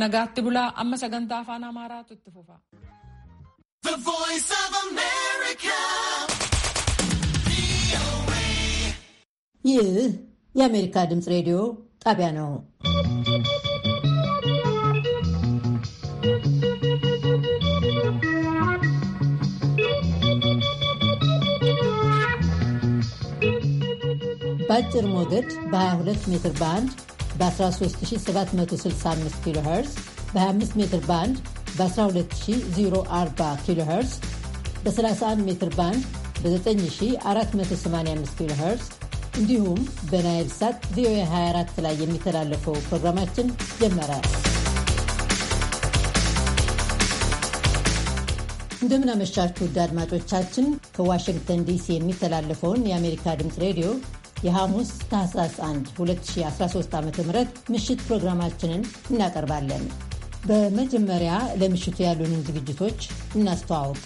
nagaatti bulaa amma sagantaa afaan amaaraatu itti fufa. ይህ የአሜሪካ ድምፅ ሬዲዮ ጣቢያ ነው። በአጭር ሞገድ በ22 ሜትር ባንድ በ13765 ኪሎ ሄርዝ በ25 ሜትር ባንድ በ12040 ኪሎ ሄርዝ በ31 ሜትር ባንድ በ9485 ኪሎ ሄርዝ እንዲሁም በናይል ሳት ቪኦኤ 24 ላይ የሚተላለፈው ፕሮግራማችን ጀመረ። እንደምናመሻችሁ ውድ አድማጮቻችን ከዋሽንግተን ዲሲ የሚተላለፈውን የአሜሪካ ድምፅ ሬዲዮ የሐሙስ ታህሳስ 1 2013 ዓ ም ምሽት ፕሮግራማችንን እናቀርባለን። በመጀመሪያ ለምሽቱ ያሉንን ዝግጅቶች እናስተዋውቅ።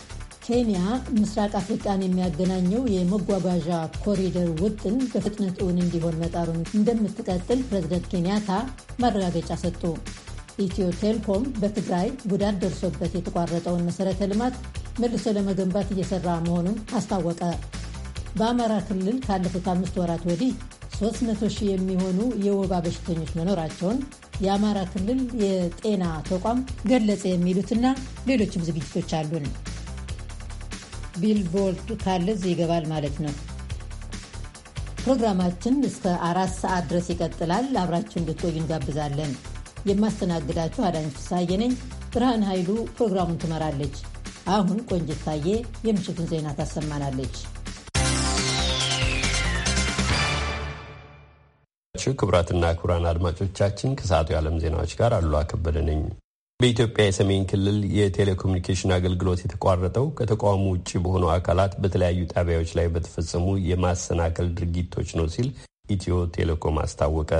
ኬንያ ምስራቅ አፍሪቃን የሚያገናኘው የመጓጓዣ ኮሪደር ውጥን በፍጥነት እውን እንዲሆን መጣሩን እንደምትቀጥል ፕሬዝደንት ኬንያታ ማረጋገጫ ሰጡ። ኢትዮ ቴልኮም በትግራይ ጉዳት ደርሶበት የተቋረጠውን መሠረተ ልማት መልሶ ለመገንባት እየሰራ መሆኑን አስታወቀ። በአማራ ክልል ካለፉት አምስት ወራት ወዲህ 300 ሺህ የሚሆኑ የወባ በሽተኞች መኖራቸውን የአማራ ክልል የጤና ተቋም ገለጸ። የሚሉትና ሌሎችም ዝግጅቶች አሉን። ቢልቦርድ ካለ እዚህ ይገባል ማለት ነው። ፕሮግራማችን እስከ አራት ሰዓት ድረስ ይቀጥላል። አብራችሁ እንድትቆዩ እንጋብዛለን። የማስተናግዳችሁ አዳኝ ፍሳዬ ነኝ። ብርሃን ኃይሉ ፕሮግራሙን ትመራለች። አሁን ቆንጅታዬ የምሽቱን ዜና ታሰማናለች። ያመሻችሁ ክቡራትና ክቡራን አድማጮቻችን ከሰዓቱ የዓለም ዜናዎች ጋር አሉላ ከበደ ነኝ። በኢትዮጵያ የሰሜን ክልል የቴሌኮሙኒኬሽን አገልግሎት የተቋረጠው ከተቋሙ ውጭ በሆኑ አካላት በተለያዩ ጣቢያዎች ላይ በተፈጸሙ የማሰናከል ድርጊቶች ነው ሲል ኢትዮ ቴሌኮም አስታወቀ።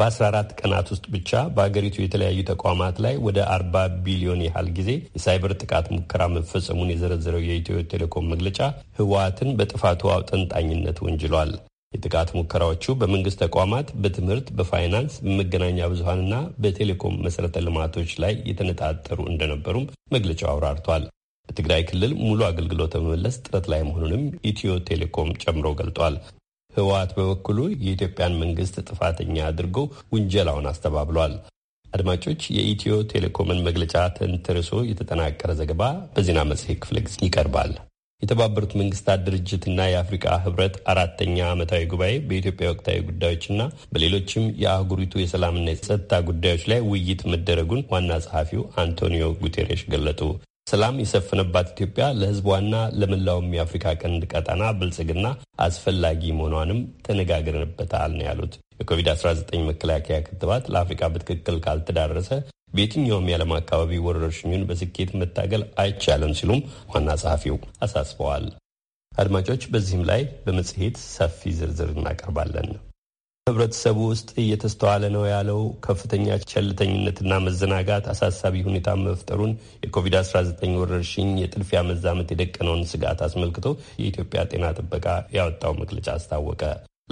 በ14 ቀናት ውስጥ ብቻ በአገሪቱ የተለያዩ ተቋማት ላይ ወደ 40 ቢሊዮን ያህል ጊዜ የሳይበር ጥቃት ሙከራ መፈጸሙን የዘረዘረው የኢትዮ ቴሌኮም መግለጫ ህወሓትን በጥፋቱ አውጠንጣኝነት ወንጅሏል። የጥቃት ሙከራዎቹ በመንግስት ተቋማት፣ በትምህርት፣ በፋይናንስ፣ በመገናኛ ብዙሀንና በቴሌኮም መሰረተ ልማቶች ላይ የተነጣጠሩ እንደነበሩም መግለጫው አብራርቷል። በትግራይ ክልል ሙሉ አገልግሎት በመመለስ ጥረት ላይ መሆኑንም ኢትዮ ቴሌኮም ጨምሮ ገልጧል። ህወሓት በበኩሉ የኢትዮጵያን መንግስት ጥፋተኛ አድርጎ ውንጀላውን አስተባብሏል። አድማጮች፣ የኢትዮ ቴሌኮምን መግለጫ ተንተርሶ የተጠናቀረ ዘገባ በዜና መጽሔት ክፍለ ጊዜ ይቀርባል። የተባበሩት መንግስታት ድርጅትና የአፍሪቃ ህብረት አራተኛ ዓመታዊ ጉባኤ በኢትዮጵያ ወቅታዊ ጉዳዮችና በሌሎችም የአህጉሪቱ የሰላምና የጸጥታ ጉዳዮች ላይ ውይይት መደረጉን ዋና ጸሐፊው አንቶኒዮ ጉቴሬሽ ገለጡ። ሰላም የሰፈነባት ኢትዮጵያ ለህዝቧና ለመላውም የአፍሪካ ቀንድ ቀጠና ብልጽግና አስፈላጊ መሆኗንም ተነጋግረንበታል ነው ያሉት። የኮቪድ-19 መከላከያ ክትባት ለአፍሪካ በትክክል ካልተዳረሰ በየትኛውም የዓለም አካባቢ ወረርሽኙን በስኬት መታገል አይቻልም ሲሉም ዋና ጸሐፊው አሳስበዋል። አድማጮች፣ በዚህም ላይ በመጽሔት ሰፊ ዝርዝር እናቀርባለን። ህብረተሰቡ ውስጥ እየተስተዋለ ነው ያለው ከፍተኛ ቸልተኝነትና መዘናጋት አሳሳቢ ሁኔታ መፍጠሩን የኮቪድ-19 ወረርሽኝ የጥድፊያ መዛመት የደቀነውን ስጋት አስመልክቶ የኢትዮጵያ ጤና ጥበቃ ያወጣው መግለጫ አስታወቀ።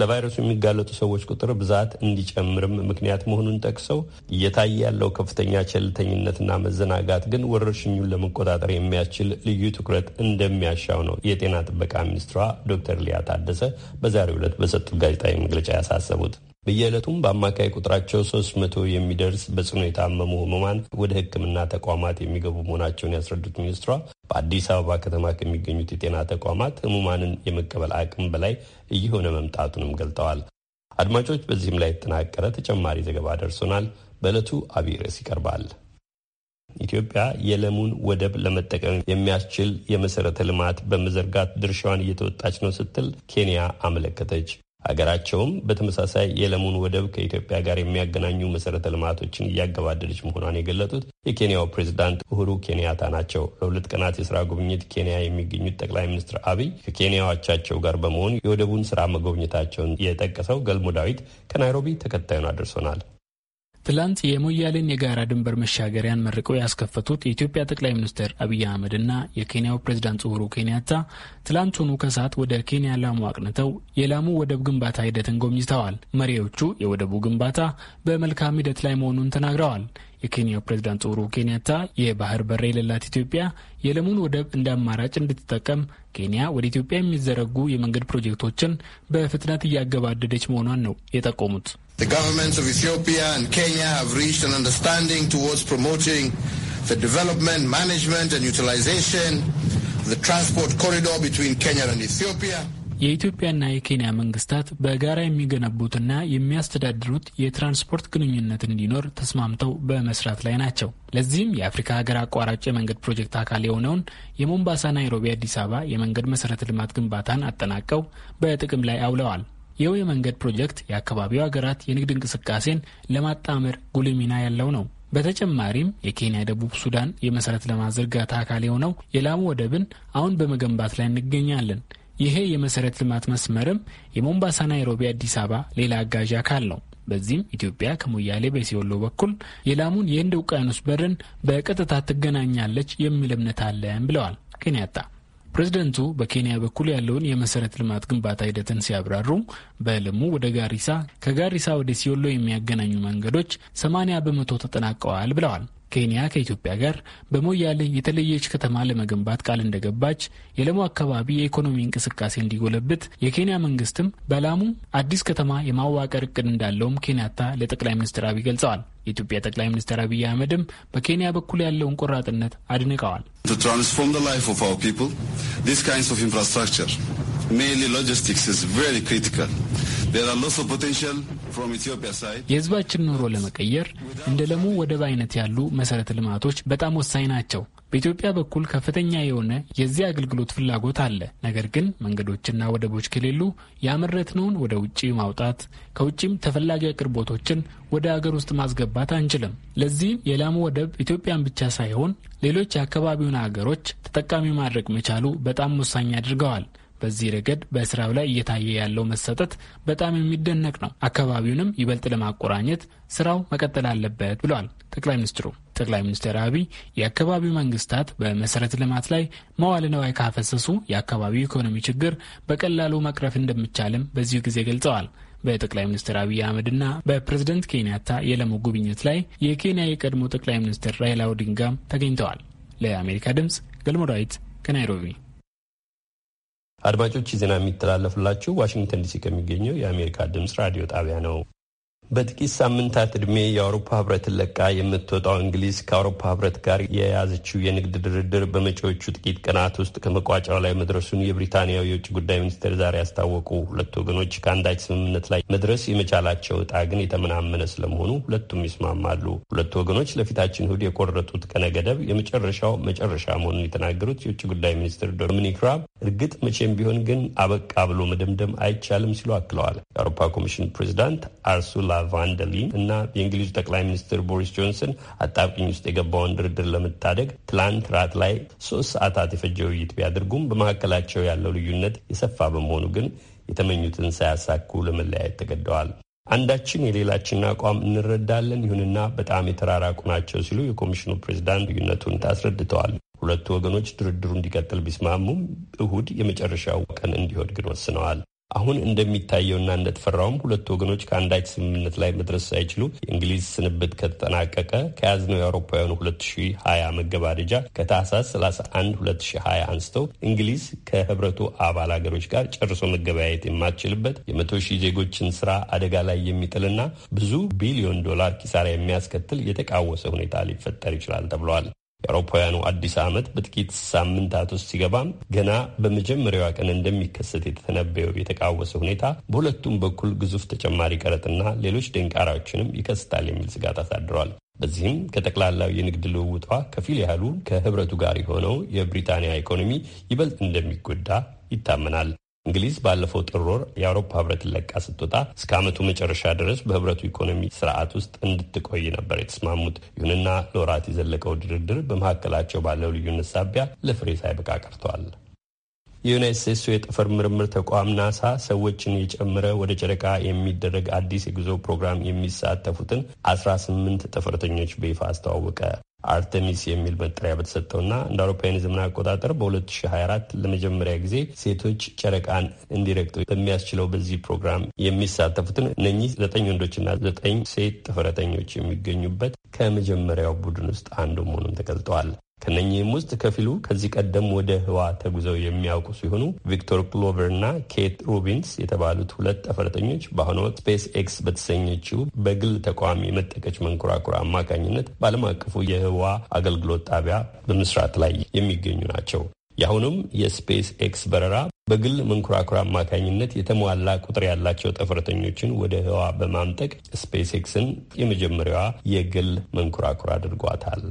ለቫይረሱ የሚጋለጡ ሰዎች ቁጥር ብዛት እንዲጨምርም ምክንያት መሆኑን ጠቅሰው እየታየ ያለው ከፍተኛ ቸልተኝነትና መዘናጋት ግን ወረርሽኙን ለመቆጣጠር የሚያስችል ልዩ ትኩረት እንደሚያሻው ነው የጤና ጥበቃ ሚኒስትሯ ዶክተር ሊያ ታደሰ በዛሬው ዕለት በሰጡት ጋዜጣዊ መግለጫ ያሳሰቡት። በየዕለቱም በአማካይ ቁጥራቸው ሶስት መቶ የሚደርስ በጽኑ የታመሙ ህሙማን ወደ ሕክምና ተቋማት የሚገቡ መሆናቸውን ያስረዱት ሚኒስትሯ በአዲስ አበባ ከተማ ከሚገኙት የጤና ተቋማት ህሙማንን የመቀበል አቅም በላይ እየሆነ መምጣቱንም ገልጠዋል። አድማጮች፣ በዚህም ላይ የተጠናቀረ ተጨማሪ ዘገባ ደርሶናል። በዕለቱ አብይ ርዕስ ይቀርባል። ኢትዮጵያ የለሙን ወደብ ለመጠቀም የሚያስችል የመሰረተ ልማት በመዘርጋት ድርሻዋን እየተወጣች ነው ስትል ኬንያ አመለከተች። ሀገራቸውም በተመሳሳይ የለሙን ወደብ ከኢትዮጵያ ጋር የሚያገናኙ መሰረተ ልማቶችን እያገባደደች መሆኗን የገለጡት የኬንያው ፕሬዚዳንት ኡሁሩ ኬንያታ ናቸው። ለሁለት ቀናት የስራ ጉብኝት ኬንያ የሚገኙት ጠቅላይ ሚኒስትር አብይ ከኬንያዎቻቸው ጋር በመሆን የወደቡን ስራ መጎብኘታቸውን የጠቀሰው ገልሞ ዳዊት ከናይሮቢ ተከታዩን አድርሶናል። ትላንት የሞያሌን የጋራ ድንበር መሻገሪያን መርቀው ያስከፈቱት የኢትዮጵያ ጠቅላይ ሚኒስትር አብይ አህመድ እና የኬንያው ፕሬዝዳንት ኡሁሩ ኬንያታ ትላንቱኑ ከሰዓት ወደ ኬንያ ላሙ አቅንተው የላሙ ወደብ ግንባታ ሂደትን ጎብኝተዋል። መሪዎቹ የወደቡ ግንባታ በመልካም ሂደት ላይ መሆኑን ተናግረዋል። የኬንያው ፕሬዝዳንት ኡሁሩ ኬንያታ የባህር በር የሌላት ኢትዮጵያ የለሙን ወደብ እንደ አማራጭ እንድትጠቀም ኬንያ ወደ ኢትዮጵያ የሚዘረጉ የመንገድ ፕሮጀክቶችን በፍጥነት እያገባደደች መሆኗን ነው የጠቆሙት። The governments of Ethiopia and Kenya have reached an understanding towards promoting the development, management and utilization of the transport corridor between Kenya and Ethiopia. የኢትዮጵያና የኬንያ መንግስታት በጋራ የሚገነቡትና የሚያስተዳድሩት የትራንስፖርት ግንኙነት እንዲኖር ተስማምተው በመስራት ላይ ናቸው። ለዚህም የአፍሪካ ሀገር አቋራጭ የመንገድ ፕሮጀክት አካል የሆነውን የሞምባሳ ናይሮቢ፣ አዲስ አበባ የመንገድ መሰረተ ልማት ግንባታን አጠናቀው በጥቅም ላይ አውለዋል። ይኸው የመንገድ ፕሮጀክት የአካባቢው ሀገራት የንግድ እንቅስቃሴን ለማጣመር ጉልህ ሚና ያለው ነው። በተጨማሪም የኬንያ ደቡብ ሱዳን የመሰረት ልማት ዝርጋታ አካል የሆነው የላሙ ወደብን አሁን በመገንባት ላይ እንገኛለን። ይሄ የመሰረት ልማት መስመርም የሞምባሳ ናይሮቢ፣ አዲስ አበባ ሌላ አጋዥ አካል ነው። በዚህም ኢትዮጵያ ከሞያሌ በሲወሎ በኩል የላሙን የህንድ ውቅያኖስ በርን በቀጥታ ትገናኛለች የሚል እምነት አለን ብለዋል ኬንያታ። ፕሬዝደንቱ በኬንያ በኩል ያለውን የመሰረት ልማት ግንባታ ሂደትን ሲያብራሩ በልሙ ወደ ጋሪሳ፣ ከጋሪሳ ወደ ሲወሎ የሚያገናኙ መንገዶች ሰማኒያ በመቶ ተጠናቀዋል ብለዋል። ኬንያ ከኢትዮጵያ ጋር በሞያሌ የተለየች ከተማ ለመገንባት ቃል እንደገባች፣ የለሙ አካባቢ የኢኮኖሚ እንቅስቃሴ እንዲጎለብት የኬንያ መንግስትም በላሙ አዲስ ከተማ የማዋቀር እቅድ እንዳለውም ኬንያታ ለጠቅላይ ሚኒስትር አብይ ገልጸዋል። የኢትዮጵያ ጠቅላይ ሚኒስትር አብይ አህመድም በኬንያ በኩል ያለውን ቆራጥነት አድንቀዋል። ኢንፍራስትራክቸር ሜይንሊ ሎጂስቲክስ ኢዝ ቬሪ ክሪቲካል የህዝባችን ኑሮ ለመቀየር እንደ ለሙ ወደብ አይነት ያሉ መሰረተ ልማቶች በጣም ወሳኝ ናቸው። በኢትዮጵያ በኩል ከፍተኛ የሆነ የዚህ አገልግሎት ፍላጎት አለ። ነገር ግን መንገዶችና ወደቦች ከሌሉ ያመረትነውን ወደ ውጭ ማውጣት፣ ከውጭም ተፈላጊ አቅርቦቶችን ወደ አገር ውስጥ ማስገባት አንችልም። ለዚህም የላሙ ወደብ ኢትዮጵያን ብቻ ሳይሆን ሌሎች የአካባቢውን አገሮች ተጠቃሚ ማድረግ መቻሉ በጣም ወሳኝ አድርገዋል። በዚህ ረገድ በስራው ላይ እየታየ ያለው መሰጠት በጣም የሚደነቅ ነው። አካባቢውንም ይበልጥ ለማቆራኘት ስራው መቀጠል አለበት ብለዋል ጠቅላይ ሚኒስትሩ። ጠቅላይ ሚኒስትር አብይ የአካባቢው መንግስታት በመሰረተ ልማት ላይ መዋለ ነዋይ ካፈሰሱ የአካባቢው ኢኮኖሚ ችግር በቀላሉ መቅረፍ እንደሚቻልም በዚሁ ጊዜ ገልጸዋል። በጠቅላይ ሚኒስትር አብይ አህመድና በፕሬዝደንት ኬንያታ የለሙ ጉብኝት ላይ የኬንያ የቀድሞ ጠቅላይ ሚኒስትር ራይላ ኦዲንጋም ተገኝተዋል። ለአሜሪካ ድምጽ ገልሞ ዳዊት ከናይሮቢ አድማጮች ዜና የሚተላለፍላችሁ ዋሽንግተን ዲሲ ከሚገኘው የአሜሪካ ድምፅ ራዲዮ ጣቢያ ነው። በጥቂት ሳምንታት ዕድሜ የአውሮፓ ህብረትን ለቃ የምትወጣው እንግሊዝ ከአውሮፓ ህብረት ጋር የያዘችው የንግድ ድርድር በመጪዎቹ ጥቂት ቀናት ውስጥ ከመቋጫው ላይ መድረሱን የብሪታንያው የውጭ ጉዳይ ሚኒስቴር ዛሬ ያስታወቁ። ሁለቱ ወገኖች ከአንዳች ስምምነት ላይ መድረስ የመቻላቸው እጣ ግን የተመናመነ ስለመሆኑ ሁለቱም ይስማማሉ። ሁለቱ ወገኖች ለፊታችን እሁድ የቆረጡት ቀነ ገደብ የመጨረሻው መጨረሻ መሆኑን የተናገሩት የውጭ ጉዳይ ሚኒስትር ዶሚኒክ ራብ እርግጥ መቼም ቢሆን ግን አበቃ ብሎ መደምደም አይቻልም ሲሉ አክለዋል። የአውሮፓ ኮሚሽን ፕሬዚዳንት አርሱላ ቫንደሊን እና የእንግሊዙ ጠቅላይ ሚኒስትር ቦሪስ ጆንሰን አጣብቂኝ ውስጥ የገባውን ድርድር ለመታደግ ትላንት ራት ላይ ሶስት ሰዓታት የፈጀ ውይይት ቢያደርጉም በመካከላቸው ያለው ልዩነት የሰፋ በመሆኑ ግን የተመኙትን ሳያሳኩ ለመለያየት ተገደዋል። አንዳችን የሌላችንን አቋም እንረዳለን፣ ይሁንና በጣም የተራራቁ ናቸው ሲሉ የኮሚሽኑ ፕሬዚዳንት ልዩነቱን አስረድተዋል። ሁለቱ ወገኖች ድርድሩ እንዲቀጥል ቢስማሙም እሁድ የመጨረሻው ቀን እንዲሆን ግን ወስነዋል። አሁን እንደሚታየውና እንደተፈራውም ሁለቱ ወገኖች ከአንዳች ስምምነት ላይ መድረስ ሳይችሉ የእንግሊዝ ስንብት ከተጠናቀቀ ከያዝነው የአውሮፓውያኑ 2020 መገባደጃ ከታህሳስ 31 2020 አንስተው እንግሊዝ ከህብረቱ አባል ሀገሮች ጋር ጨርሶ መገበያየት የማትችልበት የመቶ ሺህ ዜጎችን ስራ አደጋ ላይ የሚጥልና ብዙ ቢሊዮን ዶላር ኪሳራ የሚያስከትል የተቃወሰ ሁኔታ ሊፈጠር ይችላል ተብለዋል። የአውሮፓውያኑ አዲስ ዓመት በጥቂት ሳምንታት ውስጥ ሲገባም ገና በመጀመሪያዋ ቀን እንደሚከሰት የተተነበየው የተቃወሰ ሁኔታ በሁለቱም በኩል ግዙፍ ተጨማሪ ቀረጥና ሌሎች ደንቃራዎችንም ይከስታል የሚል ስጋት አሳድሯል። በዚህም ከጠቅላላው የንግድ ልውውጧ ከፊል ያህሉ ከህብረቱ ጋር የሆነው የብሪታንያ ኢኮኖሚ ይበልጥ እንደሚጎዳ ይታመናል። እንግሊዝ ባለፈው ጥር ወር የአውሮፓ ህብረት ለቃ ስትወጣ እስከ ዓመቱ መጨረሻ ድረስ በህብረቱ ኢኮኖሚ ስርዓት ውስጥ እንድትቆይ ነበር የተስማሙት። ይሁንና ለወራት የዘለቀው ድርድር በመካከላቸው ባለው ልዩነት ሳቢያ ለፍሬ ሳይበቃ ቀርቷል። የዩናይት ስቴትሱ የጠፈር ምርምር ተቋም ናሳ ሰዎችን የጨመረ ወደ ጨረቃ የሚደረግ አዲስ የጉዞ ፕሮግራም የሚሳተፉትን አስራ ስምንት ጠፈርተኞች በይፋ አስተዋወቀ። አርተሚስ የሚል መጠሪያ በተሰጠውና እንደ አውሮፓውያን የዘመን አቆጣጠር በ2024 ለመጀመሪያ ጊዜ ሴቶች ጨረቃን እንዲረግጡ በሚያስችለው በዚህ ፕሮግራም የሚሳተፉትን እነኚህ ዘጠኝ ወንዶችና ዘጠኝ ሴት ጥፍረተኞች የሚገኙበት ከመጀመሪያው ቡድን ውስጥ አንዱ መሆኑን ተገልጠዋል። ከነኚህም ውስጥ ከፊሉ ከዚህ ቀደም ወደ ህዋ ተጉዘው የሚያውቁ ሲሆኑ ቪክቶር ክሎቨር እና ኬት ሮቢንስ የተባሉት ሁለት ጠፈረተኞች በአሁኑ ወቅት ስፔስ ኤክስ በተሰኘችው በግል ተቋም የመጠቀች መንኮራኩር አማካኝነት በዓለም አቀፉ የህዋ አገልግሎት ጣቢያ በመስራት ላይ የሚገኙ ናቸው። የአሁኑም የስፔስ ኤክስ በረራ በግል መንኮራኩር አማካኝነት የተሟላ ቁጥር ያላቸው ጠፈረተኞችን ወደ ህዋ በማምጠቅ ስፔስ ኤክስን የመጀመሪያዋ የግል መንኮራኩር አድርጓታል።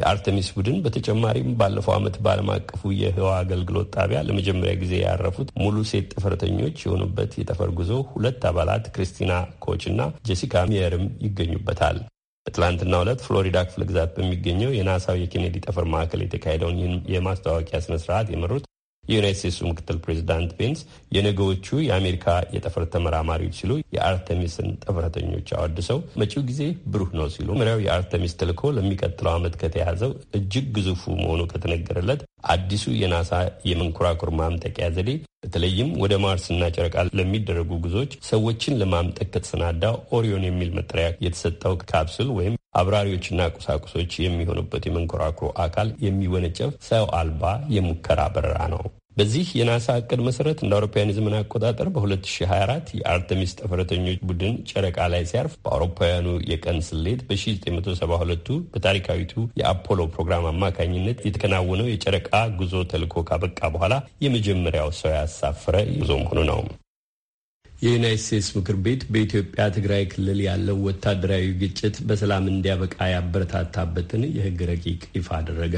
የአርተሚስ ቡድን በተጨማሪም ባለፈው ዓመት በዓለም አቀፉ የህዋ አገልግሎት ጣቢያ ለመጀመሪያ ጊዜ ያረፉት ሙሉ ሴት ጠፈርተኞች የሆኑበት የጠፈር ጉዞ ሁለት አባላት ክሪስቲና ኮች እና ጄሲካ ሚየርም ይገኙበታል። በትላንትናው ዕለት ፍሎሪዳ ክፍለ ግዛት በሚገኘው የናሳው የኬኔዲ ጠፈር ማዕከል የተካሄደውን ይህን የማስተዋወቂያ ስነስርዓት የመሩት የዩናይት ስቴትሱ ምክትል ፕሬዚዳንት ፔንስ የነገዎቹ የአሜሪካ የጠፈር ተመራማሪዎች ሲሉ የአርተሚስን ጠፈረተኞች አወድሰው መጪው ጊዜ ብሩህ ነው ሲሉ መሪያው የአርተሚስ ተልዕኮ ለሚቀጥለው ዓመት ከተያዘው እጅግ ግዙፉ መሆኑ ከተነገረለት አዲሱ የናሳ የመንኮራኩር ማምጠቂያ ዘዴ በተለይም ወደ ማርስና ጨረቃ ለሚደረጉ ጉዞዎች ሰዎችን ለማምጠቅ ከተሰናዳ ኦሪዮን የሚል መጠሪያ የተሰጠው ካፕሱል ወይም አብራሪዎችና ቁሳቁሶች የሚሆኑበት የመንኮራኩሮ አካል የሚወነጨፍ ሰው አልባ የሙከራ በረራ ነው። በዚህ የናሳ እቅድ መሰረት እንደ አውሮፓውያን የዘመን አቆጣጠር በ2024 የአርተሚስ ጠፈረተኞች ቡድን ጨረቃ ላይ ሲያርፍ በአውሮፓውያኑ የቀን ስሌት በ1972 በታሪካዊቱ የአፖሎ ፕሮግራም አማካኝነት የተከናወነው የጨረቃ ጉዞ ተልዕኮ ካበቃ በኋላ የመጀመሪያው ሰው ያሳፈረ ጉዞ መሆኑ ነው። የዩናይት ስቴትስ ምክር ቤት በኢትዮጵያ ትግራይ ክልል ያለው ወታደራዊ ግጭት በሰላም እንዲያበቃ ያበረታታበትን የሕግ ረቂቅ ይፋ አደረገ።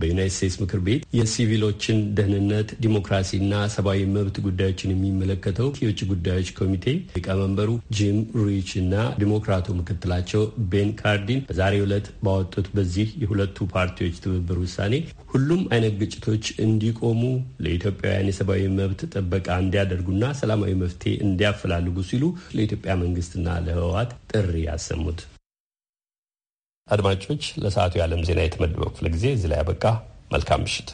በዩናይት ስቴትስ ምክር ቤት የሲቪሎችን ደህንነት ዲሞክራሲና ሰብአዊ መብት ጉዳዮችን የሚመለከተው የውጭ ጉዳዮች ኮሚቴ ሊቀመንበሩ ጂም ሩይች እና ዲሞክራቱ ምክትላቸው ቤን ካርዲን በዛሬው ዕለት ባወጡት በዚህ የሁለቱ ፓርቲዎች ትብብር ውሳኔ ሁሉም አይነት ግጭቶች እንዲቆሙ ለኢትዮጵያውያን የሰብአዊ መብት ጥበቃ እንዲያደርጉና ሰላማዊ መፍትሄ እንዲያፈላልጉ ሲሉ ለኢትዮጵያ መንግስትና ለህወሓት ጥሪ ያሰሙት አድማጮች፣ ለሰዓቱ የዓለም ዜና የተመደበው ክፍለ ጊዜ እዚህ ላይ ያበቃ። መልካም ምሽት።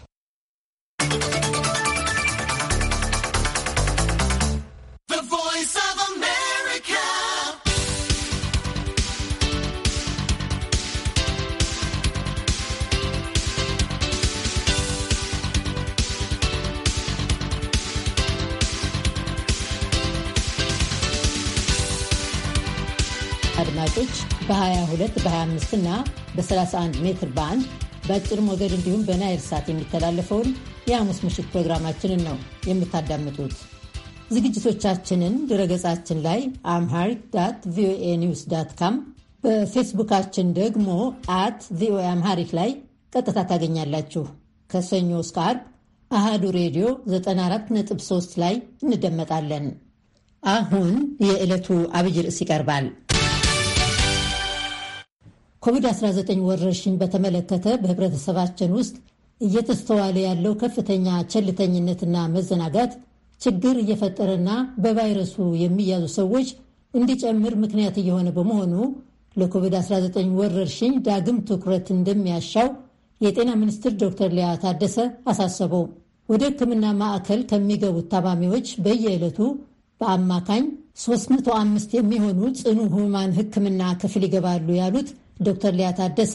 አድማጮች በ22 በ25 እና በ31 ሜትር ባንድ በአጭር ሞገድ እንዲሁም በናይል ሳት የሚተላለፈውን የሐሙስ ምሽት ፕሮግራማችንን ነው የምታዳምጡት። ዝግጅቶቻችንን ድረገጻችን ላይ አምሃሪክ ዳት ቪኦኤ ኒውስ ዳት ካም፣ በፌስቡካችን ደግሞ አት ቪኦኤ አምሃሪክ ላይ ቀጥታ ታገኛላችሁ። ከሰኞ እስከ አርብ አሃዱ ሬዲዮ 94.3 ላይ እንደመጣለን። አሁን የዕለቱ አብይ ርዕስ ይቀርባል። ኮቪድ-19 ወረርሽኝ በተመለከተ በህብረተሰባችን ውስጥ እየተስተዋለ ያለው ከፍተኛ ቸልተኝነትና መዘናጋት ችግር እየፈጠረና በቫይረሱ የሚያዙ ሰዎች እንዲጨምር ምክንያት እየሆነ በመሆኑ ለኮቪድ-19 ወረርሽኝ ዳግም ትኩረት እንደሚያሻው የጤና ሚኒስትር ዶክተር ሊያ ታደሰ አሳሰበው። ወደ ሕክምና ማዕከል ከሚገቡት ታማሚዎች በየዕለቱ በአማካኝ 305 የሚሆኑ ጽኑ ህሙማን ሕክምና ክፍል ይገባሉ ያሉት ዶክተር ሊያ ታደሰ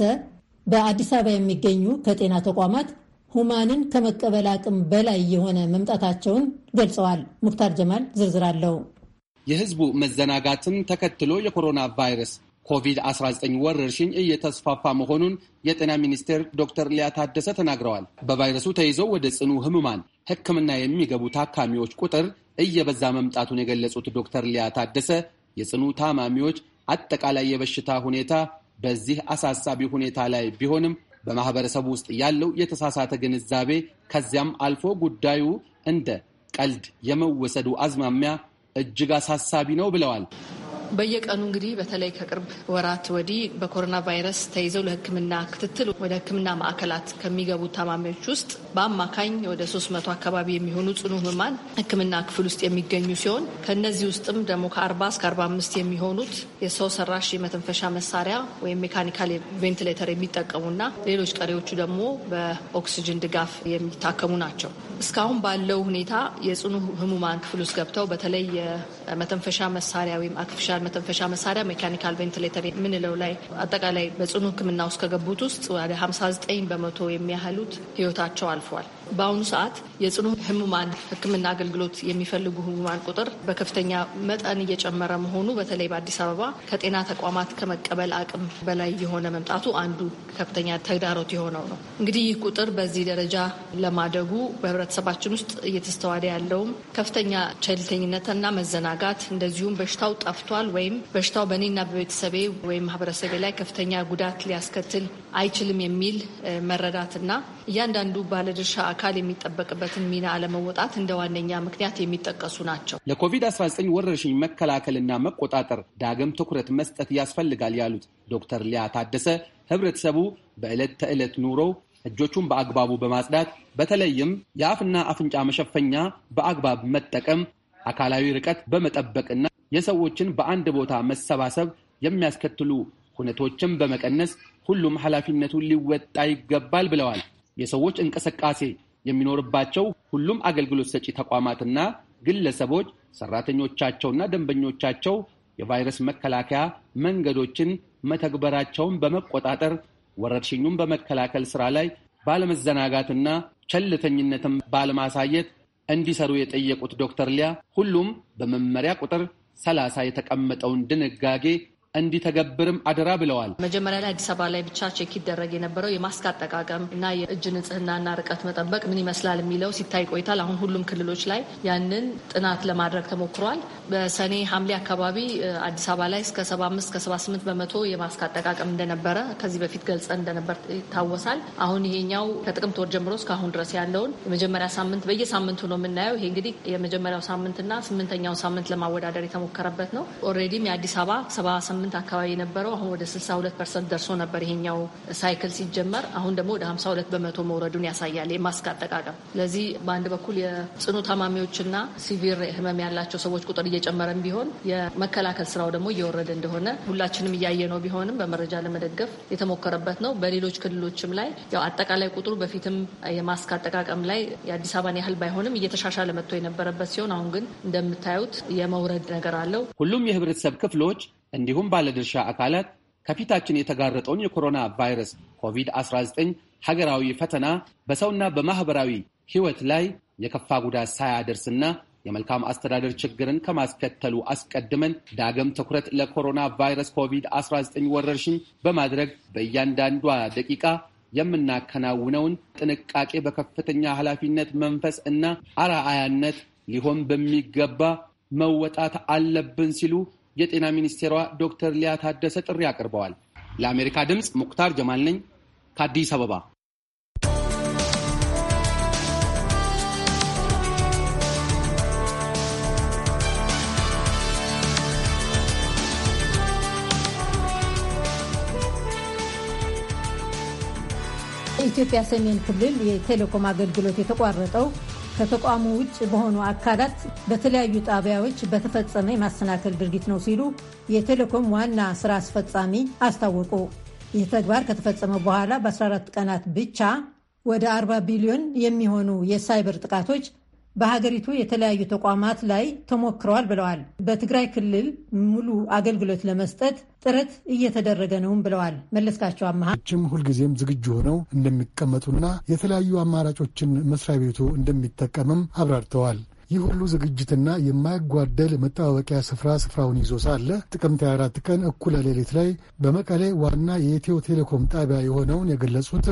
በአዲስ አበባ የሚገኙ ከጤና ተቋማት ሁማንን ከመቀበል አቅም በላይ የሆነ መምጣታቸውን ገልጸዋል። ሙክታር ጀማል ዝርዝር አለው። የህዝቡ መዘናጋትን ተከትሎ የኮሮና ቫይረስ ኮቪድ-19 ወረርሽኝ እየተስፋፋ መሆኑን የጤና ሚኒስቴር ዶክተር ሊያ ታደሰ ተናግረዋል። በቫይረሱ ተይዘው ወደ ጽኑ ህሙማን ሕክምና የሚገቡ ታካሚዎች ቁጥር እየበዛ መምጣቱን የገለጹት ዶክተር ሊያ ታደሰ የጽኑ ታማሚዎች አጠቃላይ የበሽታ ሁኔታ በዚህ አሳሳቢ ሁኔታ ላይ ቢሆንም በማህበረሰቡ ውስጥ ያለው የተሳሳተ ግንዛቤ ከዚያም አልፎ ጉዳዩ እንደ ቀልድ የመወሰዱ አዝማሚያ እጅግ አሳሳቢ ነው ብለዋል በየቀኑ እንግዲህ በተለይ ከቅርብ ወራት ወዲህ በኮሮና ቫይረስ ተይዘው ለሕክምና ክትትል ወደ ሕክምና ማዕከላት ከሚገቡ ታማሚዎች ውስጥ በአማካኝ ወደ 300 አካባቢ የሚሆኑ ጽኑ ህሙማን ሕክምና ክፍል ውስጥ የሚገኙ ሲሆን ከእነዚህ ውስጥም ደግሞ ከ40 እስከ 45 የሚሆኑት የሰው ሰራሽ የመተንፈሻ መሳሪያ ወይም ሜካኒካል ቬንቲሌተር የሚጠቀሙና ሌሎች ቀሪዎቹ ደግሞ በኦክስጅን ድጋፍ የሚታከሙ ናቸው። እስካሁን ባለው ሁኔታ የጽኑ ህሙማን ክፍል ውስጥ ገብተው በተለይ መተንፈሻ መሳሪያ ወይም አርቲፊሻል መተንፈሻ መሳሪያ ሜካኒካል ቬንቲሌተር የምንለው ላይ አጠቃላይ በጽኑ ሕክምና ውስጥ ከገቡት ውስጥ ወደ 59 በመቶ የሚያህሉት ህይወታቸው አልፏል። በአሁኑ ሰዓት የጽኑ ህሙማን ህክምና አገልግሎት የሚፈልጉ ህሙማን ቁጥር በከፍተኛ መጠን እየጨመረ መሆኑ በተለይ በአዲስ አበባ ከጤና ተቋማት ከመቀበል አቅም በላይ የሆነ መምጣቱ አንዱ ከፍተኛ ተግዳሮት የሆነው ነው። እንግዲህ ይህ ቁጥር በዚህ ደረጃ ለማደጉ በህብረተሰባችን ውስጥ እየተስተዋለ ያለውም ከፍተኛ ቸልተኝነትና መዘናጋት እንደዚሁም በሽታው ጠፍቷል ወይም በሽታው በእኔና በቤተሰቤ ወይም ማህበረሰቤ ላይ ከፍተኛ ጉዳት ሊያስከትል አይችልም የሚል መረዳትና እያንዳንዱ ባለድርሻ አካል የሚጠበቅበትን ሚና አለመወጣት እንደ ዋነኛ ምክንያት የሚጠቀሱ ናቸው። ለኮቪድ-19 ወረርሽኝ መከላከልና መቆጣጠር ዳግም ትኩረት መስጠት ያስፈልጋል ያሉት ዶክተር ሊያ ታደሰ ህብረተሰቡ በዕለት ተዕለት ኑሮው እጆቹን በአግባቡ በማጽዳት በተለይም የአፍና አፍንጫ መሸፈኛ በአግባብ መጠቀም፣ አካላዊ ርቀት በመጠበቅና የሰዎችን በአንድ ቦታ መሰባሰብ የሚያስከትሉ ሁነቶችን በመቀነስ ሁሉም ኃላፊነቱን ሊወጣ ይገባል ብለዋል። የሰዎች እንቅስቃሴ የሚኖርባቸው ሁሉም አገልግሎት ሰጪ ተቋማትና ግለሰቦች ሰራተኞቻቸውና ደንበኞቻቸው የቫይረስ መከላከያ መንገዶችን መተግበራቸውን በመቆጣጠር ወረርሽኙን በመከላከል ስራ ላይ ባለመዘናጋትና ቸልተኝነትን ባለማሳየት እንዲሰሩ የጠየቁት ዶክተር ሊያ ሁሉም በመመሪያ ቁጥር ሰላሳ የተቀመጠውን ድንጋጌ እንዲተገብርም አደራ ብለዋል። መጀመሪያ ላይ አዲስ አበባ ላይ ብቻ ቼክ ይደረግ የነበረው የማስክ አጠቃቀም እና የእጅ ንጽህናና ርቀት መጠበቅ ምን ይመስላል የሚለው ሲታይ ቆይታል። አሁን ሁሉም ክልሎች ላይ ያንን ጥናት ለማድረግ ተሞክሯል። በሰኔ ሐምሌ አካባቢ አዲስ አበባ ላይ እስከ 75 እስከ 78 በመቶ የማስክ አጠቃቀም እንደነበረ ከዚህ በፊት ገልጸ እንደነበር ይታወሳል። አሁን ይሄኛው ከጥቅምት ወር ጀምሮ እስከ አሁን ድረስ ያለውን የመጀመሪያ ሳምንት በየሳምንቱ ነው የምናየው። ይሄ እንግዲህ የመጀመሪያው ሳምንትና ስምንተኛው ሳምንት ለማወዳደር የተሞከረበት ነው። ኦልሬዲም የአዲስ አበባ 58 አካባቢ የነበረው አሁን ወደ ሁለት ፐርሰንት ደርሶ ነበር ይሄኛው ሳይክል ሲጀመር። አሁን ደግሞ ወደ ሁለት በመቶ መውረዱን ያሳያል የማስክ አጠቃቀም። ስለዚህ በአንድ በኩል የጽኑ ታማሚዎችና ሲቪር ህመም ያላቸው ሰዎች ቁጥር እየጨመረን ቢሆን የመከላከል ስራው ደግሞ እየወረደ እንደሆነ ሁላችንም እያየ ነው። ቢሆንም በመረጃ ለመደገፍ የተሞከረበት ነው። በሌሎች ክልሎችም ላይ ያው አጠቃላይ ቁጥሩ በፊትም የማስክ አጠቃቀም ላይ የአዲስ አበባን ያህል ባይሆንም እየተሻሻለ መጥቶ የነበረበት ሲሆን አሁን ግን እንደምታዩት የመውረድ ነገር አለው። ሁሉም የህብረተሰብ ክፍሎች እንዲሁም ባለድርሻ አካላት ከፊታችን የተጋረጠውን የኮሮና ቫይረስ ኮቪድ-19 ሀገራዊ ፈተና በሰውና በማህበራዊ ሕይወት ላይ የከፋ ጉዳት ሳያደርስና የመልካም አስተዳደር ችግርን ከማስከተሉ አስቀድመን ዳግም ትኩረት ለኮሮና ቫይረስ ኮቪድ-19 ወረርሽኝ በማድረግ በእያንዳንዷ ደቂቃ የምናከናውነውን ጥንቃቄ በከፍተኛ ኃላፊነት መንፈስ እና አርአያነት ሊሆን በሚገባ መወጣት አለብን ሲሉ የጤና ሚኒስቴሯ ዶክተር ሊያ ታደሰ ጥሪ አቅርበዋል። ለአሜሪካ ድምፅ ሙክታር ጀማል ነኝ ከአዲስ አበባ። የኢትዮጵያ ሰሜን ክልል የቴሌኮም አገልግሎት የተቋረጠው ከተቋሙ ውጭ በሆኑ አካላት በተለያዩ ጣቢያዎች በተፈጸመ የማሰናከል ድርጊት ነው ሲሉ የቴሌኮም ዋና ስራ አስፈጻሚ አስታወቁ። ይህ ተግባር ከተፈጸመ በኋላ በ14 ቀናት ብቻ ወደ 40 ቢሊዮን የሚሆኑ የሳይበር ጥቃቶች በሀገሪቱ የተለያዩ ተቋማት ላይ ተሞክረዋል ብለዋል። በትግራይ ክልል ሙሉ አገልግሎት ለመስጠት ጥረት እየተደረገ ነውም ብለዋል። መለስካቸው አመሃችም ሁልጊዜም ዝግጁ ሆነው እንደሚቀመጡና የተለያዩ አማራጮችን መስሪያ ቤቱ እንደሚጠቀምም አብራርተዋል። ይህ ሁሉ ዝግጅትና የማይጓደል መጠባበቂያ ስፍራ ስፍራውን ይዞ ሳለ ጥቅምት 24 ቀን እኩለ ሌሊት ላይ በመቀሌ ዋና የኢትዮ ቴሌኮም ጣቢያ የሆነውን የገለጹት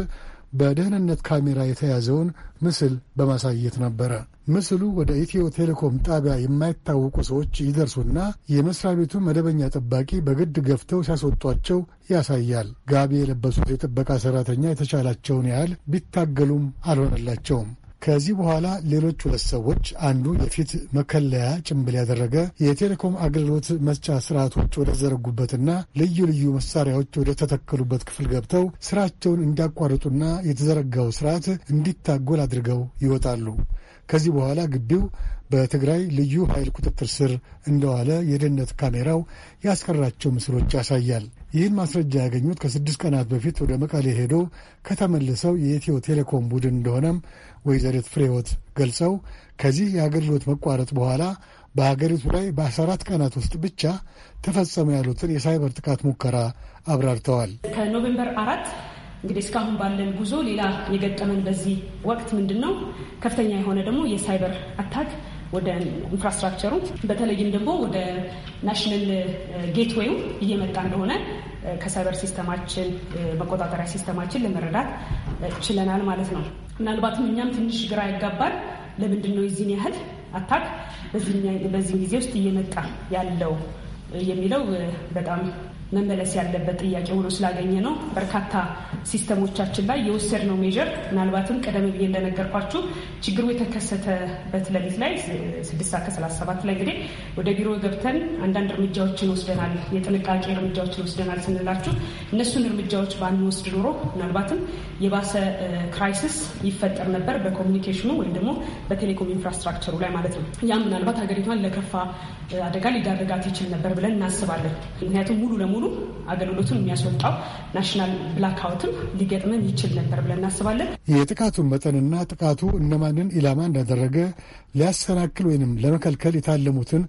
በደህንነት ካሜራ የተያዘውን ምስል በማሳየት ነበረ። ምስሉ ወደ ኢትዮ ቴሌኮም ጣቢያ የማይታወቁ ሰዎች ይደርሱና የመስሪያ ቤቱ መደበኛ ጠባቂ በግድ ገፍተው ሲያስወጧቸው ያሳያል። ጋቢ የለበሱት የጥበቃ ሰራተኛ የተቻላቸውን ያህል ቢታገሉም አልሆነላቸውም። ከዚህ በኋላ ሌሎች ሁለት ሰዎች አንዱ የፊት መከለያ ጭንብል ያደረገ የቴሌኮም አገልግሎት መስጫ ስርዓቶች ወደ ዘረጉበትና ልዩ ልዩ መሳሪያዎች ወደ ተተከሉበት ክፍል ገብተው ስራቸውን እንዲያቋርጡና የተዘረጋው ስርዓት እንዲታጎል አድርገው ይወጣሉ። ከዚህ በኋላ ግቢው በትግራይ ልዩ ኃይል ቁጥጥር ስር እንደዋለ የደህንነት ካሜራው ያስቀራቸው ምስሎች ያሳያል። ይህን ማስረጃ ያገኙት ከስድስት ቀናት በፊት ወደ መቀሌ ሄዶ ከተመለሰው የኢትዮ ቴሌኮም ቡድን እንደሆነም ወይዘሪት ፍሬወት ገልጸው ከዚህ የአገልግሎት መቋረጥ በኋላ በሀገሪቱ ላይ በ14 ቀናት ውስጥ ብቻ ተፈጸመ ያሉትን የሳይበር ጥቃት ሙከራ አብራርተዋል። ከኖቬምበር አራት እንግዲህ እስካሁን ባለን ጉዞ ሌላ የገጠመን በዚህ ወቅት ምንድን ነው ከፍተኛ የሆነ ደግሞ የሳይበር አታክ ወደ ኢንፍራስትራክቸሩ በተለይም ደግሞ ወደ ናሽናል ጌትዌይው እየመጣ እንደሆነ ከሳይበር ሲስተማችን መቆጣጠሪያ ሲስተማችን ለመረዳት ችለናል ማለት ነው። ምናልባትም እኛም ትንሽ ግራ ያጋባል። ለምንድን ነው የዚህን ያህል አታክ በዚህ ጊዜ ውስጥ እየመጣ ያለው የሚለው በጣም መመለስ ያለበት ጥያቄ ሆኖ ስላገኘ ነው። በርካታ ሲስተሞቻችን ላይ የወሰድነው ሜዥር ምናልባትም ቀደም ብዬ እንደነገርኳችሁ ችግሩ የተከሰተበት ሌሊት ላይ ስድስት ከ ሰላሳ ሰባት ላይ እንግዲህ ወደ ቢሮ ገብተን አንዳንድ እርምጃዎችን ወስደናል፣ የጥንቃቄ እርምጃዎችን ወስደናል ስንላችሁ እነሱን እርምጃዎች ባንወስድ ኖሮ ምናልባትም የባሰ ክራይሲስ ይፈጠር ነበር በኮሚኒኬሽኑ ወይም ደግሞ በቴሌኮም ኢንፍራስትራክቸሩ ላይ ማለት ነው። ያም ምናልባት ሀገሪቷን ለከፋ አደጋ ሊዳረጋት ይችል ነበር ብለን እናስባለን። ምክንያቱም ሙሉ ለሙሉ በሙሉ አገልግሎቱን የሚያስወጣው ናሽናል ብላክአውትም ሊገጥመን ይችል ነበር ብለን እናስባለን። የጥቃቱን መጠንና ጥቃቱ እነማንን ኢላማ እንዳደረገ ሊያሰናክል ወይንም ለመከልከል የታለሙትን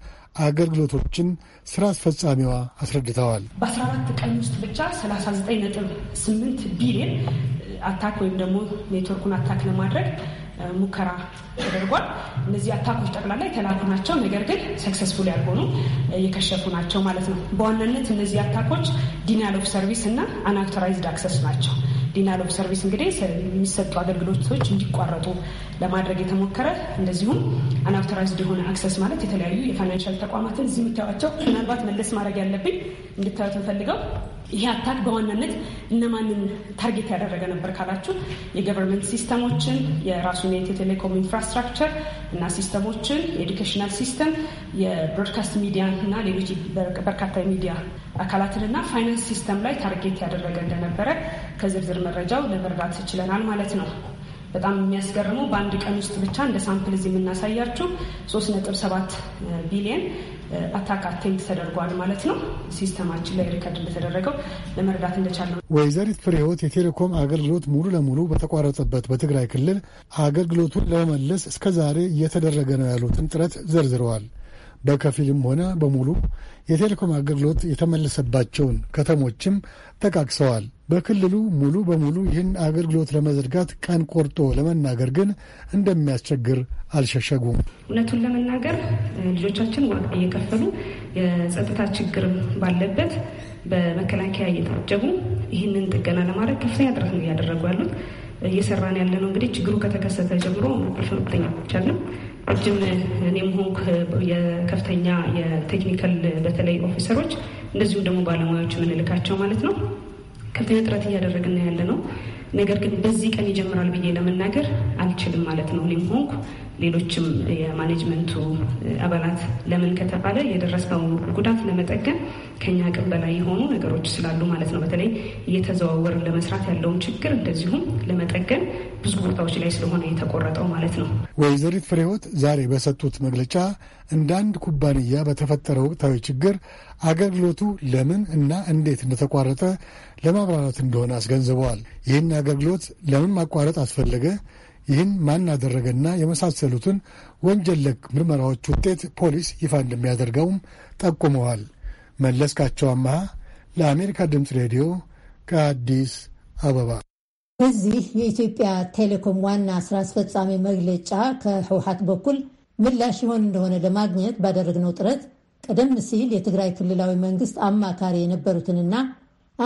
አገልግሎቶችን ስራ አስፈጻሚዋ አስረድተዋል። በ14 ቀን ውስጥ ብቻ 39.8 ቢሊዮን አታክ ወይም ደግሞ ኔትወርኩን አታክ ለማድረግ ሙከራ ተደርጓል። እነዚህ አታኮች ጠቅላላ የተላኩ ናቸው፣ ነገር ግን ሰክሰስፉል ያልሆኑ የከሸፉ ናቸው ማለት ነው። በዋናነት እነዚህ አታኮች ዲናል ኦፍ ሰርቪስ እና አናክተራይዝድ አክሰስ ናቸው። ዲናል ኦፍ ሰርቪስ እንግዲህ የሚሰጡ አገልግሎቶች እንዲቋረጡ ለማድረግ የተሞከረ እንደዚሁም አናውተራይዝድ የሆነ አክሰስ ማለት የተለያዩ የፋይናንሻል ተቋማትን እዚህ የምታዩቸው ምናልባት መለስ ማድረግ ያለብኝ እንድታዩት እንፈልገው ይሄ አታክ በዋናነት እነማንን ታርጌት ያደረገ ነበር ካላችሁ የገቨርንመንት ሲስተሞችን፣ የራሱን የቴሌኮም ኢንፍራስትራክቸር እና ሲስተሞችን፣ የኤዱኬሽናል ሲስተም፣ የብሮድካስት ሚዲያ እና ሌሎች በርካታ የሚዲያ አካላትንና ፋይናንስ ሲስተም ላይ ታርጌት ያደረገ እንደነበረ ከዝርዝር መረጃው ለመረዳት ችለናል ማለት ነው። በጣም የሚያስገርመው በአንድ ቀን ውስጥ ብቻ እንደ ሳምፕል እዚህ የምናሳያችሁ 3.7 ቢሊየን አታክ አቴምፕት ተደርጓል ማለት ነው። ሲስተማችን ላይ ሪከርድ እንደተደረገው ለመረዳት እንደቻለ ወይዘሪት ፍሬህይወት የቴሌኮም አገልግሎት ሙሉ ለሙሉ በተቋረጠበት በትግራይ ክልል አገልግሎቱን ለመመለስ እስከዛሬ እየተደረገ ነው ያሉትን ጥረት ዘርዝረዋል። በከፊልም ሆነ በሙሉ የቴሌኮም አገልግሎት የተመለሰባቸውን ከተሞችም ጠቃቅሰዋል። በክልሉ ሙሉ በሙሉ ይህን አገልግሎት ለመዘርጋት ቀን ቆርጦ ለመናገር ግን እንደሚያስቸግር አልሸሸጉም። እውነቱን ለመናገር ልጆቻችን ዋጋ እየከፈሉ የጸጥታ ችግር ባለበት በመከላከያ እየታጀቡ ይህንን ጥገና ለማድረግ ከፍተኛ ጥረት ነው እያደረጉ ያሉት። እየሰራን ያለ እንግዲህ ችግሩ ከተከሰተ ጀምሮ መቅረፍ ነው አልቻልንም። ረጅም እኔም ሆንኩ የከፍተኛ የቴክኒካል በተለይ ኦፊሰሮች እንደዚሁም ደግሞ ባለሙያዎች የምንልካቸው ማለት ነው ከፍተኛ ጥረት እያደረግን ያለ ነው። ነገር ግን በዚህ ቀን ይጀምራል ብዬ ለመናገር አልችልም ማለት ነው። እኔም ሆንኩ ሌሎችም የማኔጅመንቱ አባላት ለምን ከተባለ የደረሰው ጉዳት ለመጠገም ከኛ አቅም በላይ የሆኑ ነገሮች ስላሉ ማለት ነው። በተለይ እየተዘዋወር ለመስራት ያለውን ችግር እንደዚሁም ለመጠገን ብዙ ቦታዎች ላይ ስለሆነ የተቆረጠው ማለት ነው። ወይዘሪት ፍሬህይወት ዛሬ በሰጡት መግለጫ እንደ አንድ ኩባንያ በተፈጠረ ወቅታዊ ችግር አገልግሎቱ ለምን እና እንዴት እንደተቋረጠ ለማብራራት እንደሆነ አስገንዝበዋል። ይህን አገልግሎት ለምን ማቋረጥ አስፈለገ፣ ይህን ማን አደረገና የመሳሰሉትን ወንጀል ምርመራዎች ውጤት ፖሊስ ይፋ እንደሚያደርገውም ጠቁመዋል። መለስካቸው አመሃ ለአሜሪካ ድምፅ ሬዲዮ ከአዲስ አበባ። በዚህ የኢትዮጵያ ቴሌኮም ዋና ስራ አስፈጻሚ መግለጫ ከህወሓት በኩል ምላሽ ይሆን እንደሆነ ለማግኘት ባደረግነው ጥረት ቀደም ሲል የትግራይ ክልላዊ መንግስት አማካሪ የነበሩትንና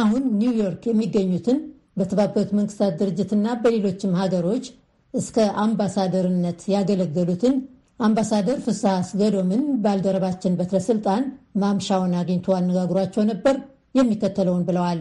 አሁን ኒውዮርክ የሚገኙትን በተባበሩት መንግስታት ድርጅትና በሌሎችም ሀገሮች እስከ አምባሳደርነት ያገለገሉትን አምባሳደር ፍስሐ አስገዶምን ባልደረባችን በትረ ስልጣን ማምሻውን አግኝቶ አነጋግሯቸው ነበር። የሚከተለውን ብለዋል።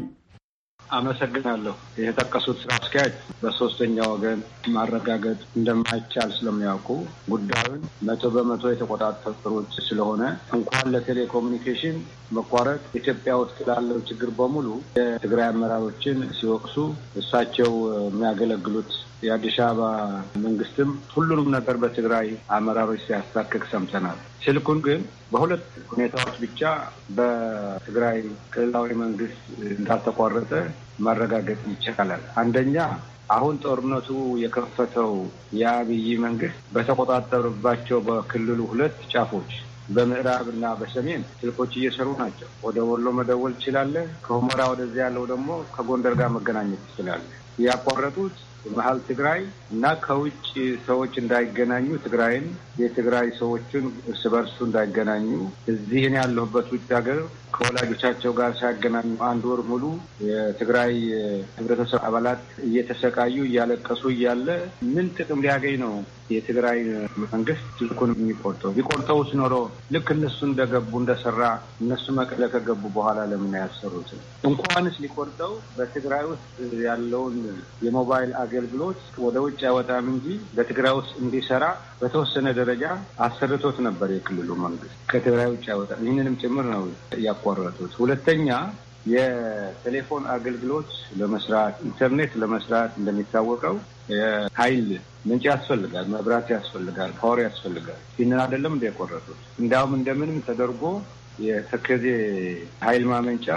አመሰግናለሁ። የተጠቀሱት ስራ አስኪያጅ በሶስተኛ ወገን ማረጋገጥ እንደማይቻል ስለሚያውቁ ጉዳዩን መቶ በመቶ የተቆጣጠሩት ስለሆነ እንኳን ለቴሌኮሙኒኬሽን መቋረጥ ኢትዮጵያ ውስጥ ላለው ችግር በሙሉ የትግራይ አመራሮችን ሲወቅሱ እሳቸው የሚያገለግሉት የአዲስ አበባ መንግስትም ሁሉንም ነገር በትግራይ አመራሮች ሲያስታክክ ሰምተናል። ስልኩን ግን በሁለት ሁኔታዎች ብቻ በትግራይ ክልላዊ መንግስት እንዳልተቋረጠ ማረጋገጥ ይቻላል። አንደኛ አሁን ጦርነቱ የከፈተው የአብይ መንግስት በተቆጣጠሩባቸው በክልሉ ሁለት ጫፎች በምዕራብ እና በሰሜን ስልኮች እየሰሩ ናቸው። ወደ ወሎ መደወል ትችላለህ። ከሁመራ ወደዚያ ያለው ደግሞ ከጎንደር ጋር መገናኘት ትችላለህ። ያቋረጡት መሀል ትግራይ እና ከውጭ ሰዎች እንዳይገናኙ ትግራይን የትግራይ ሰዎችን እርስ በርሱ እንዳይገናኙ እዚህን ያለሁበት ውጭ ሀገር ከወላጆቻቸው ጋር ሳያገናኙ አንድ ወር ሙሉ የትግራይ ህብረተሰብ አባላት እየተሰቃዩ እያለቀሱ እያለ ምን ጥቅም ሊያገኝ ነው የትግራይ መንግስት ስልኩን የሚቆርጠው? ቢቆርጠውስ ኖሮ ልክ እነሱ እንደገቡ እንደሰራ እነሱ መቀለ ከገቡ በኋላ ለምን አያሰሩትም? እንኳንስ ሊቆርጠው በትግራይ ውስጥ ያለውን የሞባይል አገ አገልግሎት ወደ ውጭ ያወጣም እንጂ በትግራይ ውስጥ እንዲሰራ በተወሰነ ደረጃ አሰርቶት ነበር የክልሉ መንግስት። ከትግራይ ውጭ ያወጣም ይህንንም ጭምር ነው ያቋረጡት። ሁለተኛ የቴሌፎን አገልግሎት ለመስራት ኢንተርኔት ለመስራት እንደሚታወቀው የኃይል ምንጭ ያስፈልጋል፣ መብራት ያስፈልጋል፣ ፓወር ያስፈልጋል። ይህንን አይደለም እንደ የቆረጡት። እንዲያውም እንደምንም ተደርጎ የተከዜ ኃይል ማመንጫ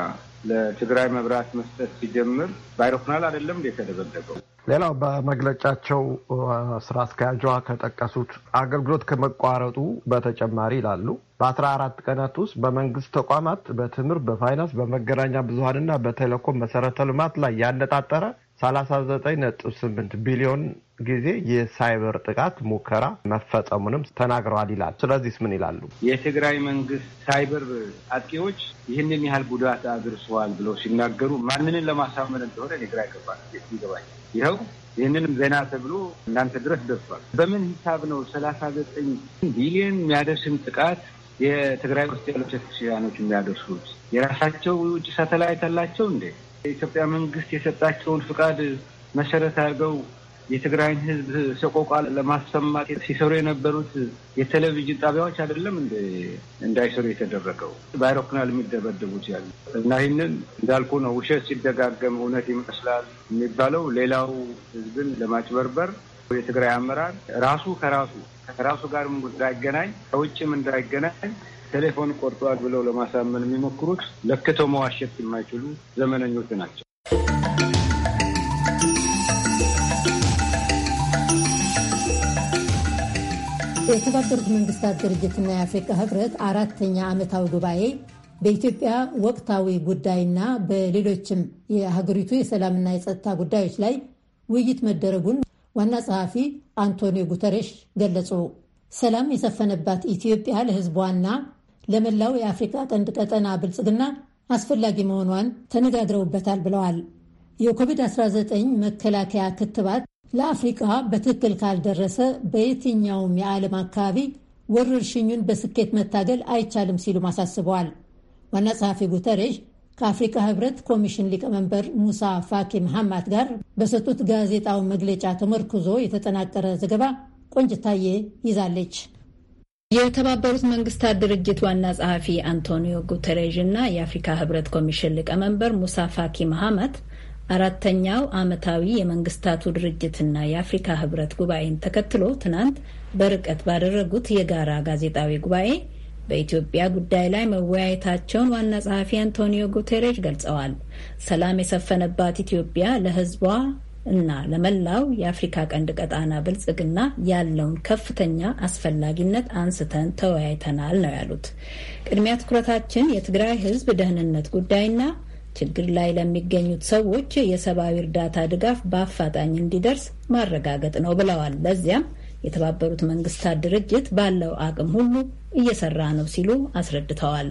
ለትግራይ መብራት መስጠት ሲጀምር በአይሮፕላን አይደለም የተደበደበው። ሌላው በመግለጫቸው ስራ አስኪያጇ ከጠቀሱት አገልግሎት ከመቋረጡ በተጨማሪ ይላሉ በአስራ አራት ቀናት ውስጥ በመንግስት ተቋማት፣ በትምህርት፣ በፋይናንስ፣ በመገናኛ ብዙሀንና በቴሌኮም መሰረተ ልማት ላይ ያነጣጠረ 39.8 ቢሊዮን ጊዜ የሳይበር ጥቃት ሙከራ መፈጸሙንም ተናግረዋል ይላል። ስለዚህስ ምን ይላሉ? የትግራይ መንግስት ሳይበር አጥቂዎች ይህንን ያህል ጉዳት አድርሰዋል ብለው ሲናገሩ ማንንን ለማሳመን እንደሆነ ግራ ይገባል ይኸው ይህንንም ዜና ተብሎ እናንተ ድረስ ደርሷል። በምን ሂሳብ ነው ሰላሳ ዘጠኝ ቢሊዮን የሚያደርስን ጥቃት የትግራይ ውስጥ ያሉ ቤተክርስቲያኖች የሚያደርሱት? የራሳቸው ውጭ ሳተላይት አላቸው እንዴ? የኢትዮጵያ መንግስት የሰጣቸውን ፍቃድ መሰረት አድርገው የትግራይን ህዝብ ሰቆቃ ለማሰማት ሲሰሩ የነበሩት የቴሌቪዥን ጣቢያዎች አይደለም እንዳይሰሩ የተደረገው በአይሮፕላን የሚደበደቡት ያሉ እና ይህንን እንዳልኩ ነው። ውሸት ሲደጋገም እውነት ይመስላል የሚባለው ሌላው ህዝብን ለማጭበርበር የትግራይ አመራር ራሱ ከራሱ ከራሱ ጋር እንዳይገናኝ ከውጭም እንዳይገናኝ ቴሌፎን ቆርጧል ብለው ለማሳመን የሚሞክሩት ለክተው መዋሸት የማይችሉ ዘመነኞች ናቸው። የተባበሩት መንግስታት ድርጅትና የአፍሪካ ህብረት አራተኛ ዓመታዊ ጉባኤ በኢትዮጵያ ወቅታዊ ጉዳይና በሌሎችም የሀገሪቱ የሰላምና የጸጥታ ጉዳዮች ላይ ውይይት መደረጉን ዋና ጸሐፊ አንቶኒዮ ጉተሬሽ ገለጹ። ሰላም የሰፈነባት ኢትዮጵያ ለህዝቧና ለመላው የአፍሪካ ቀንድ ቀጠና ብልጽግና አስፈላጊ መሆኗን ተነጋግረውበታል ብለዋል። የኮቪድ-19 መከላከያ ክትባት ለአፍሪቃ በትክክል ካልደረሰ በየትኛውም የዓለም አካባቢ ወረርሽኙን በስኬት መታገል አይቻልም ሲሉም አሳስበዋል። ዋና ጸሐፊ ጉተሬሽ ከአፍሪካ ህብረት ኮሚሽን ሊቀመንበር ሙሳ ፋኪ መሐማት ጋር በሰጡት ጋዜጣዊ መግለጫ ተመርክዞ የተጠናቀረ ዘገባ ቆንጅታዬ ይዛለች። የተባበሩት መንግስታት ድርጅት ዋና ጸሐፊ አንቶኒዮ ጉተሬዥ እና የአፍሪካ ህብረት ኮሚሽን ሊቀመንበር ሙሳ ፋኪ መሐመት አራተኛው ዓመታዊ የመንግስታቱ ድርጅትና የአፍሪካ ህብረት ጉባኤን ተከትሎ ትናንት በርቀት ባደረጉት የጋራ ጋዜጣዊ ጉባኤ በኢትዮጵያ ጉዳይ ላይ መወያየታቸውን ዋና ጸሐፊ አንቶኒዮ ጉቴሬሽ ገልጸዋል። ሰላም የሰፈነባት ኢትዮጵያ ለህዝቧ እና ለመላው የአፍሪካ ቀንድ ቀጣና ብልጽግና ያለውን ከፍተኛ አስፈላጊነት አንስተን ተወያይተናል ነው ያሉት። ቅድሚያ ትኩረታችን የትግራይ ህዝብ ደህንነት ጉዳይና ችግር ላይ ለሚገኙት ሰዎች የሰብአዊ እርዳታ ድጋፍ በአፋጣኝ እንዲደርስ ማረጋገጥ ነው ብለዋል። ለዚያም የተባበሩት መንግስታት ድርጅት ባለው አቅም ሁሉ እየሰራ ነው ሲሉ አስረድተዋል።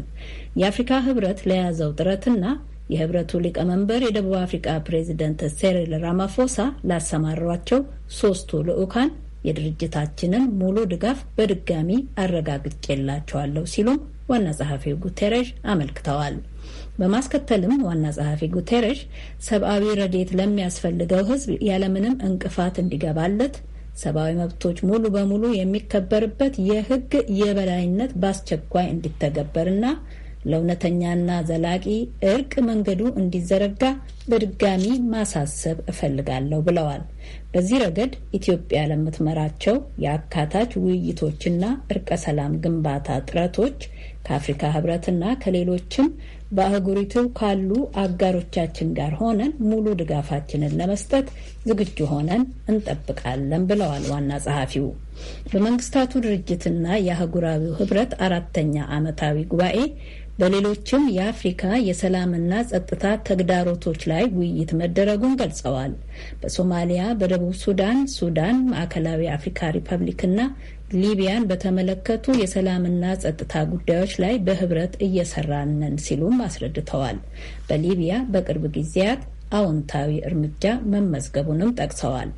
የአፍሪካ ህብረት ለያዘው ጥረትና የህብረቱ ሊቀመንበር የደቡብ አፍሪካ ፕሬዚደንት ሴሪል ራማፎሳ ላሰማሯቸው ሶስቱ ልዑካን የድርጅታችንን ሙሉ ድጋፍ በድጋሚ አረጋግጬላቸዋለሁ ሲሉም ዋና ጸሐፊው ጉቴሬሽ አመልክተዋል። በማስከተልም ዋና ጸሐፊ ጉቴሬሽ ሰብአዊ ረዴት ለሚያስፈልገው ህዝብ ያለምንም እንቅፋት እንዲገባለት ሰብአዊ መብቶች ሙሉ በሙሉ የሚከበርበት የህግ የበላይነት በአስቸኳይ እንዲተገበርና ለእውነተኛና ዘላቂ እርቅ መንገዱ እንዲዘረጋ በድጋሚ ማሳሰብ እፈልጋለሁ ብለዋል። በዚህ ረገድ ኢትዮጵያ ለምትመራቸው የአካታች ውይይቶችና እርቀ ሰላም ግንባታ ጥረቶች ከአፍሪካ ህብረትና ከሌሎችም በአህጉሪቱ ካሉ አጋሮቻችን ጋር ሆነን ሙሉ ድጋፋችንን ለመስጠት ዝግጁ ሆነን እንጠብቃለን ብለዋል ዋና ጸሐፊው። በመንግስታቱ ድርጅትና የአህጉራዊው ህብረት አራተኛ ዓመታዊ ጉባኤ በሌሎችም የአፍሪካ የሰላምና ጸጥታ ተግዳሮቶች ላይ ውይይት መደረጉን ገልጸዋል። በሶማሊያ፣ በደቡብ ሱዳን፣ ሱዳን፣ ማዕከላዊ አፍሪካ ሪፐብሊክና ሊቢያን በተመለከቱ የሰላምና ጸጥታ ጉዳዮች ላይ በህብረት እየሰራንን ሲሉም አስረድተዋል። በሊቢያ በቅርብ ጊዜያት አዎንታዊ እርምጃ መመዝገቡንም ጠቅሰዋል።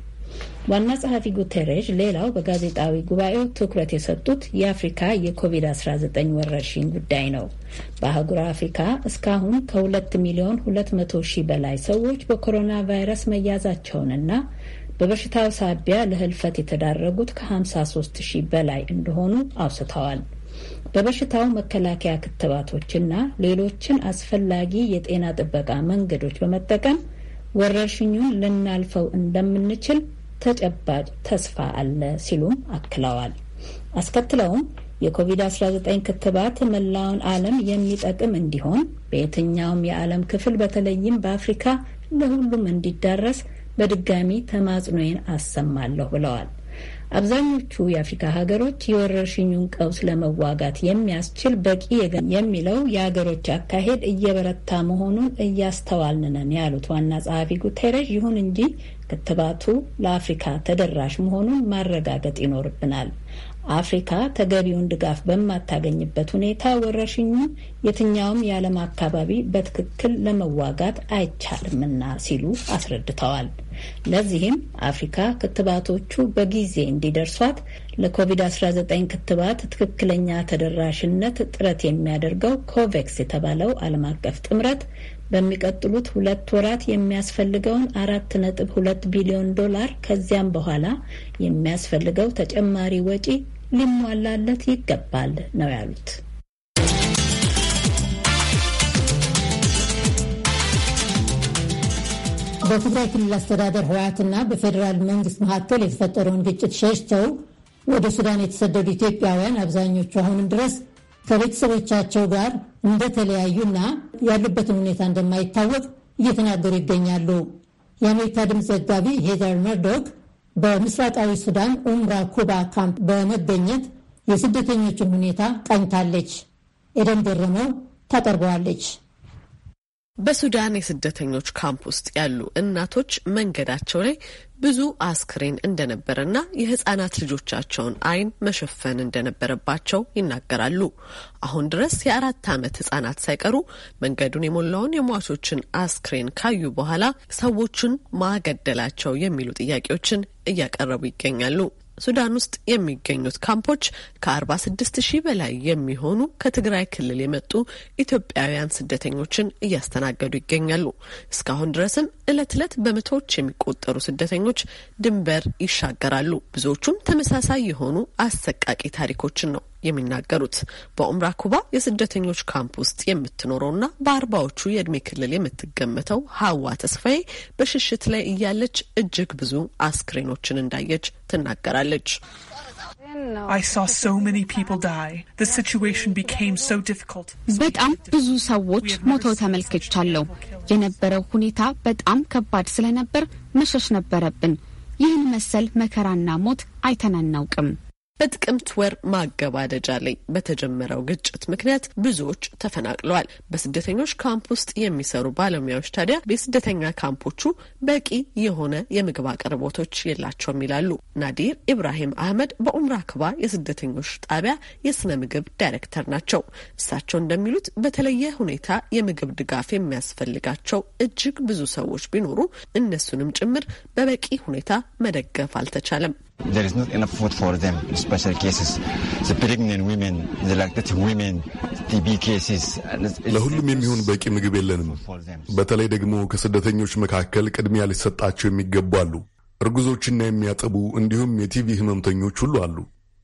ዋና ጸሐፊ ጉተሬዥ ሌላው በጋዜጣዊ ጉባኤው ትኩረት የሰጡት የአፍሪካ የኮቪድ-19 ወረርሽኝ ጉዳይ ነው። በአህጉር አፍሪካ እስካሁን ከ2 ሚሊዮን 200 ሺህ በላይ ሰዎች በኮሮና ቫይረስ መያዛቸውንና በበሽታው ሳቢያ ለህልፈት የተዳረጉት ከ53 ሺህ በላይ እንደሆኑ አውስተዋል። በበሽታው መከላከያ ክትባቶችና ሌሎችን አስፈላጊ የጤና ጥበቃ መንገዶች በመጠቀም ወረርሽኙን ልናልፈው እንደምንችል ተጨባጭ ተስፋ አለ ሲሉም አክለዋል። አስከትለውም የኮቪድ-19 ክትባት መላውን ዓለም የሚጠቅም እንዲሆን በየትኛውም የዓለም ክፍል በተለይም በአፍሪካ ለሁሉም እንዲዳረስ በድጋሚ ተማጽኖዬን አሰማለሁ ብለዋል። አብዛኞቹ የአፍሪካ ሀገሮች የወረርሽኙን ቀውስ ለመዋጋት የሚያስችል በቂ የሚለው የሀገሮች አካሄድ እየበረታ መሆኑን እያስተዋልን ነን ያሉት ዋና ጸሐፊ ጉቴረሽ ይሁን እንጂ ክትባቱ ለአፍሪካ ተደራሽ መሆኑን ማረጋገጥ ይኖርብናል። አፍሪካ ተገቢውን ድጋፍ በማታገኝበት ሁኔታ ወረርሽኙ የትኛውም የዓለም አካባቢ በትክክል ለመዋጋት አይቻልምና ሲሉ አስረድተዋል። ለዚህም አፍሪካ ክትባቶቹ በጊዜ እንዲደርሷት ለኮቪድ-19 ክትባት ትክክለኛ ተደራሽነት ጥረት የሚያደርገው ኮቬክስ የተባለው ዓለም አቀፍ ጥምረት በሚቀጥሉት ሁለት ወራት የሚያስፈልገውን አራት ነጥብ ሁለት ቢሊዮን ዶላር ከዚያም በኋላ የሚያስፈልገው ተጨማሪ ወጪ ሊሟላለት ይገባል ነው ያሉት። በትግራይ ክልል አስተዳደር ህወሓትና በፌዴራል መንግስት መካከል የተፈጠረውን ግጭት ሸሽተው ወደ ሱዳን የተሰደዱ ኢትዮጵያውያን አብዛኞቹ አሁንም ድረስ ከቤተሰቦቻቸው ጋር እንደተለያዩና ያሉበትን ሁኔታ እንደማይታወቅ እየተናገሩ ይገኛሉ። የአሜሪካ ድምፅ ዘጋቢ ሄዘር መርዶክ በምስራቃዊ ሱዳን ኡምራ ኩባ ካምፕ በመገኘት የስደተኞችን ሁኔታ ቃኝታለች። ኤደን ገረመው ታቀርበዋለች። በሱዳን የስደተኞች ካምፕ ውስጥ ያሉ እናቶች መንገዳቸው ላይ ብዙ አስክሬን እንደነበረና የህጻናት ልጆቻቸውን አይን መሸፈን እንደነበረባቸው ይናገራሉ። አሁን ድረስ የአራት ዓመት ህጻናት ሳይቀሩ መንገዱን የሞላውን የሟቾችን አስክሬን ካዩ በኋላ ሰዎቹን ማገደላቸው የሚሉ ጥያቄዎችን እያቀረቡ ይገኛሉ። ሱዳን ውስጥ የሚገኙት ካምፖች ከ46 ሺህ በላይ የሚሆኑ ከትግራይ ክልል የመጡ ኢትዮጵያውያን ስደተኞችን እያስተናገዱ ይገኛሉ። እስካሁን ድረስም እለት እለት በመቶዎች የሚቆጠሩ ስደተኞች ድንበር ይሻገራሉ። ብዙዎቹም ተመሳሳይ የሆኑ አሰቃቂ ታሪኮችን ነው የሚናገሩት። በኡምራ ኩባ የስደተኞች ካምፕ ውስጥ የምትኖረውና በአርባዎቹ የእድሜ ክልል የምትገመተው ሀዋ ተስፋዬ በሽሽት ላይ እያለች እጅግ ብዙ አስክሬኖችን እንዳየች ትናገራለች። በጣም ብዙ ሰዎች ሞተው ተመልክቻለሁ። የነበረው ሁኔታ በጣም ከባድ ስለነበር መሸሽ ነበረብን። ይህን መሰል መከራና ሞት አይተን አናውቅም። በጥቅምት ወር ማገባደጃ ላይ በተጀመረው ግጭት ምክንያት ብዙዎች ተፈናቅለዋል። በስደተኞች ካምፕ ውስጥ የሚሰሩ ባለሙያዎች ታዲያ የስደተኛ ካምፖቹ በቂ የሆነ የምግብ አቅርቦቶች የላቸውም ይላሉ። ናዲር ኢብራሂም አህመድ በኡምራ ክባ የስደተኞች ጣቢያ የስነ ምግብ ዳይሬክተር ናቸው። እሳቸው እንደሚሉት በተለየ ሁኔታ የምግብ ድጋፍ የሚያስፈልጋቸው እጅግ ብዙ ሰዎች ቢኖሩ እነሱንም ጭምር በበቂ ሁኔታ መደገፍ አልተቻለም። ለሁሉም የሚሆን በቂ ምግብ የለንም። በተለይ ደግሞ ከስደተኞች መካከል ቅድሚያ ሊሰጣቸው የሚገቡ አሉ። እርጉዞችና የሚያጠቡ እንዲሁም የቲቪ ህመምተኞች ሁሉ አሉ።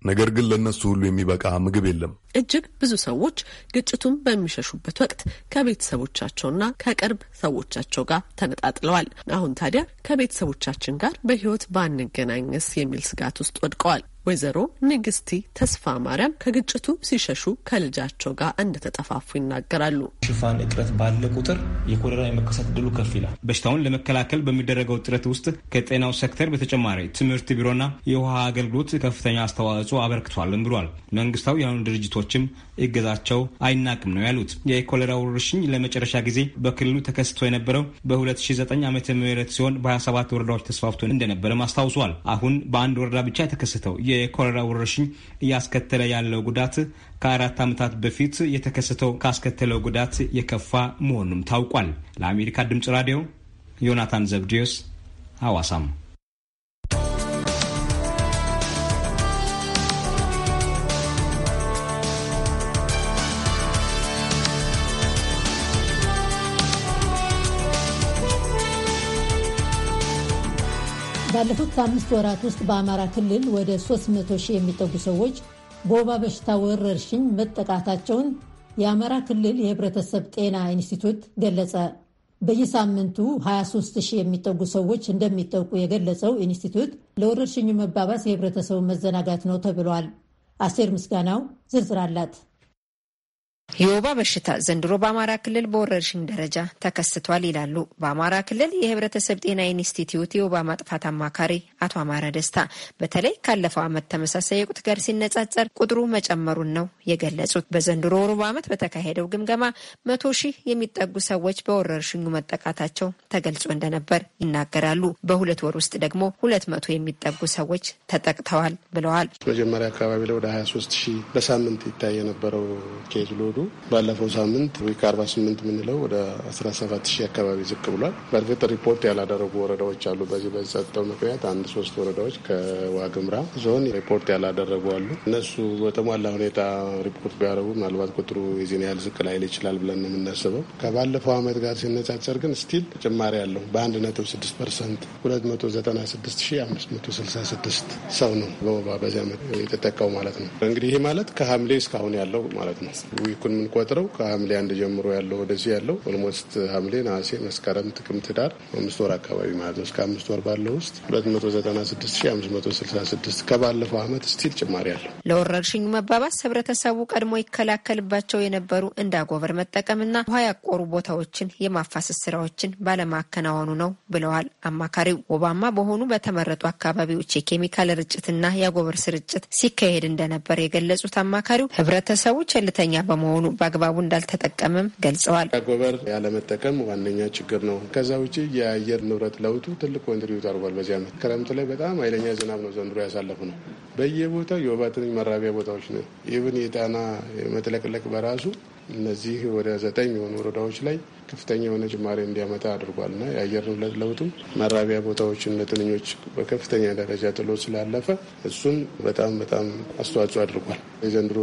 ነገር ግን ለእነሱ ሁሉ የሚበቃ ምግብ የለም። እጅግ ብዙ ሰዎች ግጭቱን በሚሸሹበት ወቅት ከቤተሰቦቻቸውና ከቅርብ ሰዎቻቸው ጋር ተነጣጥለዋል። አሁን ታዲያ ከቤተሰቦቻችን ጋር በሕይወት ባንገናኘስ የሚል ስጋት ውስጥ ወድቀዋል። ወይዘሮ ንግስቲ ተስፋ ማርያም ከግጭቱ ሲሸሹ ከልጃቸው ጋር እንደተጠፋፉ ይናገራሉ። ሽፋን እጥረት ባለ ቁጥር የኮሌራ የመከሰት ድሉ ከፍ ይላል። በሽታውን ለመከላከል በሚደረገው ጥረት ውስጥ ከጤናው ሴክተር በተጨማሪ ትምህርት ቢሮና የውሃ አገልግሎት ከፍተኛ አስተዋጽኦ አበርክቷልም ብሏል። መንግስታዊ የሆኑ ድርጅቶችም እገዛቸው አይናቅም ነው ያሉት። የኮሌራ ወረርሽኝ ለመጨረሻ ጊዜ በክልሉ ተከስቶ የነበረው በ2009 ዓ ም ሲሆን በ27 ወረዳዎች ተስፋፍቶ እንደነበረም አስታውሷል። አሁን በአንድ ወረዳ ብቻ የተከሰተው የኮሌራ ወረርሽኝ እያስከተለ ያለው ጉዳት ከአራት ዓመታት በፊት የተከሰተው ካስከተለው ጉዳት የከፋ መሆኑም ታውቋል። ለአሜሪካ ድምፅ ራዲዮ ዮናታን ዘብዲዮስ ሐዋሳም ባለፉት አምስት ወራት ውስጥ በአማራ ክልል ወደ 300 ሺህ የሚጠጉ ሰዎች በወባ በሽታ ወረርሽኝ መጠቃታቸውን የአማራ ክልል የሕብረተሰብ ጤና ኢንስቲትዩት ገለጸ። በየሳምንቱ 23 ሺህ የሚጠጉ ሰዎች እንደሚጠቁ የገለጸው ኢንስቲትዩት ለወረርሽኙ መባባስ የሕብረተሰቡ መዘናጋት ነው ተብሏል። አስቴር ምስጋናው ዝርዝር አላት። የወባ በሽታ ዘንድሮ በአማራ ክልል በወረርሽኝ ደረጃ ተከስቷል ይላሉ በአማራ ክልል የህብረተሰብ ጤና ኢንስቲትዩት የወባ ማጥፋት አማካሪ አቶ አማረ ደስታ። በተለይ ካለፈው ዓመት ተመሳሳይ ወቅት ጋር ሲነጻጸር ቁጥሩ መጨመሩን ነው የገለጹት። በዘንድሮ ሩብ ዓመት በተካሄደው ግምገማ መቶ ሺህ የሚጠጉ ሰዎች በወረርሽኙ መጠቃታቸው ተገልጾ እንደነበር ይናገራሉ። በሁለት ወር ውስጥ ደግሞ ሁለት መቶ የሚጠጉ ሰዎች ተጠቅተዋል ብለዋል። መጀመሪያ አካባቢ ላይ ወደ 23 ሺህ በሳምንት ይታይ የነበረው ኬዝ ሎዱ ባለፈው ሳምንት ዊክ 48 የምንለው ወደ 17 ሺህ አካባቢ ዝቅ ብሏል። በእርግጥ ሪፖርት ያላደረጉ ወረዳዎች አሉ። በዚህ በጸጥታው ምክንያት አንድ ሶስት ወረዳዎች ከዋግምራ ዞን ሪፖርት ያላደረጉ አሉ። እነሱ በተሟላ ሁኔታ ሪፖርት ቢያደረጉ ምናልባት ቁጥሩ የዚህን ያህል ዝቅ ላይል ይችላል ብለን ነው የምናስበው። ከባለፈው ዓመት ጋር ሲነጻጸር ግን ስቲል ተጨማሪ አለው። በ1 ነጥብ ፐርሰንት 296566 ሰው ነው በወባ በዚህ ዓመት የተጠቀው ማለት ነው። እንግዲህ ይህ ማለት ከሐምሌ እስካሁን ያለው ማለት ነው ዊኩን የምንቆጥረው ከሐምሌ አንድ ጀምሮ ያለው ወደዚህ ያለው ኦልሞስት ሐምሌ፣ ነሐሴ፣ መስከረም፣ ጥቅምት፣ ህዳር አምስት ወር አካባቢ ማለት ነው። እስከ አምስት ወር ባለው ውስጥ ስድስት ከባለፈው ዓመት ስቲል ጭማሪ አለው። ለወረርሽኙ መባባስ ህብረተሰቡ ቀድሞ ይከላከልባቸው የነበሩ መጠቀም መጠቀምና ውሃ ያቆሩ ቦታዎችን የማፋሰስ ስራዎችን ባለማከናወኑ ነው ብለዋል አማካሪው። ወባማ በሆኑ በተመረጡ አካባቢዎች የኬሚካል ርጭትና የአጎበር ስርጭት ሲካሄድ እንደነበር የገለጹት አማካሪው ህብረተሰቡ ቸልተኛ በመሆኑ በመሆኑ በአግባቡ እንዳልተጠቀምም ገልጸዋል። አጎበር ያለመጠቀም ዋነኛ ችግር ነው። ከዛ ውጭ የአየር ንብረት ለውጡ ትልቅ ኮንትሪቢዩት አድርጓል። በዚህ ዓመት ክረምት ላይ በጣም ኃይለኛ ዝናብ ነው ዘንድሮ ያሳለፉ ነው። በየቦታው የወባ ትንኝ መራቢያ ቦታዎች ነው። ኢቭን የጣና መጥለቅለቅ በራሱ እነዚህ ወደ ዘጠኝ የሆኑ ወረዳዎች ላይ ከፍተኛ የሆነ ጭማሪ እንዲያመጣ አድርጓል እና የአየር ንብረት ለውጡ መራቢያ ቦታዎችን ለትንኞች በከፍተኛ ደረጃ ጥሎ ስላለፈ እሱም በጣም በጣም አስተዋጽኦ አድርጓል። የዘንድሮ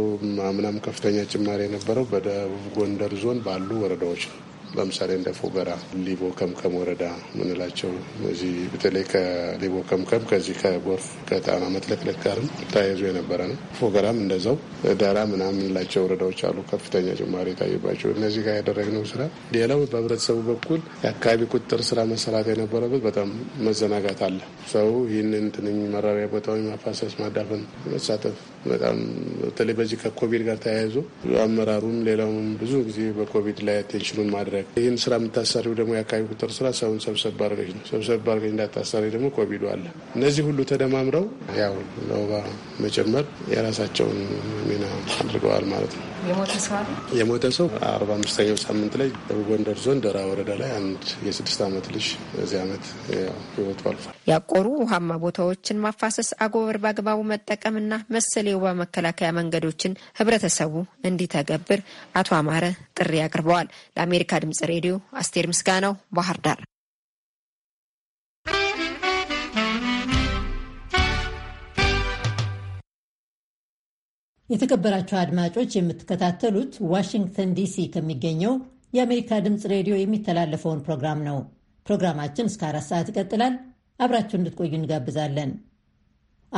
አምናም ከፍተኛ ጭማሪ የነበረው በደቡብ ጎንደር ዞን ባሉ ወረዳዎች ነው። ለምሳሌ እንደ ፎገራ፣ ሊቦ ከምከም ወረዳ ምንላቸው እዚህ በተለይ ከሊቦ ከምከም ከዚህ ከጎርፍ ከጣና መጥለቅለቅ ጋርም ተያይዞ የነበረ ነው። ፎገራም እንደዛው ዳራ ምናምን ምንላቸው ወረዳዎች አሉ ከፍተኛ ጭማሪ የታየባቸው እነዚህ ጋር ያደረግነው ስራ። ሌላው በህብረተሰቡ በኩል የአካባቢ ቁጥጥር ስራ መሰራት የነበረበት በጣም መዘናጋት አለ። ሰው ይህንን ትንኝ መራቢያ ቦታዎች ማፋሰስ፣ ማዳፈን፣ መሳተፍ በጣም በተለይ በዚህ ከኮቪድ ጋር ተያይዞ አመራሩም ሌላውም ብዙ ጊዜ በኮቪድ ላይ አቴንሽኑን ማድረግ ይህን ስራ የምታሰሪው ደግሞ የአካባቢ ቁጥር ስራ ሰውን ሰብሰብ አድርገሽ ነው። ሰብሰብ አድርገሽ እንዳታሳሪ ደግሞ ኮቪዱ አለ። እነዚህ ሁሉ ተደማምረው ያው ለወባ መጨመር የራሳቸውን ሚና አድርገዋል ማለት ነው። የሞተ ሰው የሞተ ሰው አርባ አምስተኛው ሳምንት ላይ ጎንደር ዞን ደራ ወረዳ ላይ አንድ የስድስት ዓመት ልጅ በዚህ ዓመት ህይወቱ አልፏል። ያቆሩ ውሃማ ቦታዎችን ማፋሰስ፣ አጎበር በአግባቡ መጠቀምና መሰል የወባ መከላከያ መንገዶችን ህብረተሰቡ እንዲተገብር አቶ አማረ ጥሪ አቅርበዋል። ለአሜሪካ ድምጽ ሬዲዮ አስቴር ምስጋናው ባህር ዳር። የተከበራቸው አድማጮች የምትከታተሉት ዋሽንግተን ዲሲ ከሚገኘው የአሜሪካ ድምፅ ሬዲዮ የሚተላለፈውን ፕሮግራም ነው። ፕሮግራማችን እስከ አራት ሰዓት ይቀጥላል። አብራችሁ እንድትቆዩ እንጋብዛለን።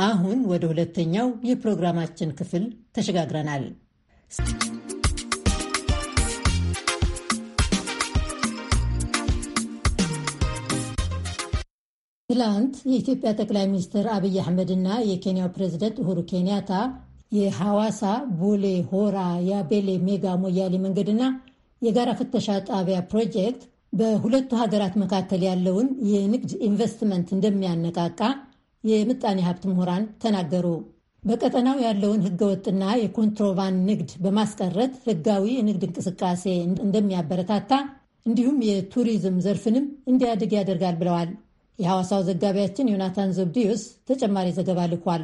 አሁን ወደ ሁለተኛው የፕሮግራማችን ክፍል ተሸጋግረናል። ትላንት የኢትዮጵያ ጠቅላይ ሚኒስትር አብይ አሕመድ እና የኬንያው ፕሬዝደንት ኡሁሩ ኬንያታ የሐዋሳ ቦሌ ሆራ ያቤሌ ሜጋ ሞያሌ መንገድና የጋራ ፍተሻ ጣቢያ ፕሮጀክት በሁለቱ ሀገራት መካከል ያለውን የንግድ ኢንቨስትመንት እንደሚያነቃቃ የምጣኔ ሀብት ምሁራን ተናገሩ። በቀጠናው ያለውን ህገወጥና የኮንትሮባንድ ንግድ በማስቀረት ህጋዊ የንግድ እንቅስቃሴ እንደሚያበረታታ እንዲሁም የቱሪዝም ዘርፍንም እንዲያድግ ያደርጋል ብለዋል። የሐዋሳው ዘጋቢያችን ዮናታን ዘብዲዮስ ተጨማሪ ዘገባ ልኳል።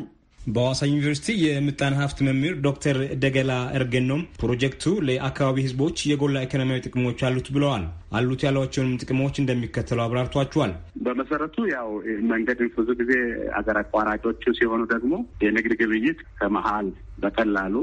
በሐዋሳ ዩኒቨርሲቲ የምጣኔ ሀብት መምህር ዶክተር ደገላ እርገኖም ፕሮጀክቱ ለአካባቢ ህዝቦች የጎላ ኢኮኖሚያዊ ጥቅሞች አሉት ብለዋል። አሉት ያሏቸውንም ጥቅሞች እንደሚከተለው አብራርቷቸዋል። በመሰረቱ ያው መንገድ ብዙ ጊዜ አገር አቋራጮቹ ሲሆኑ ደግሞ የንግድ ግብይት ከመሀል በቀላሉ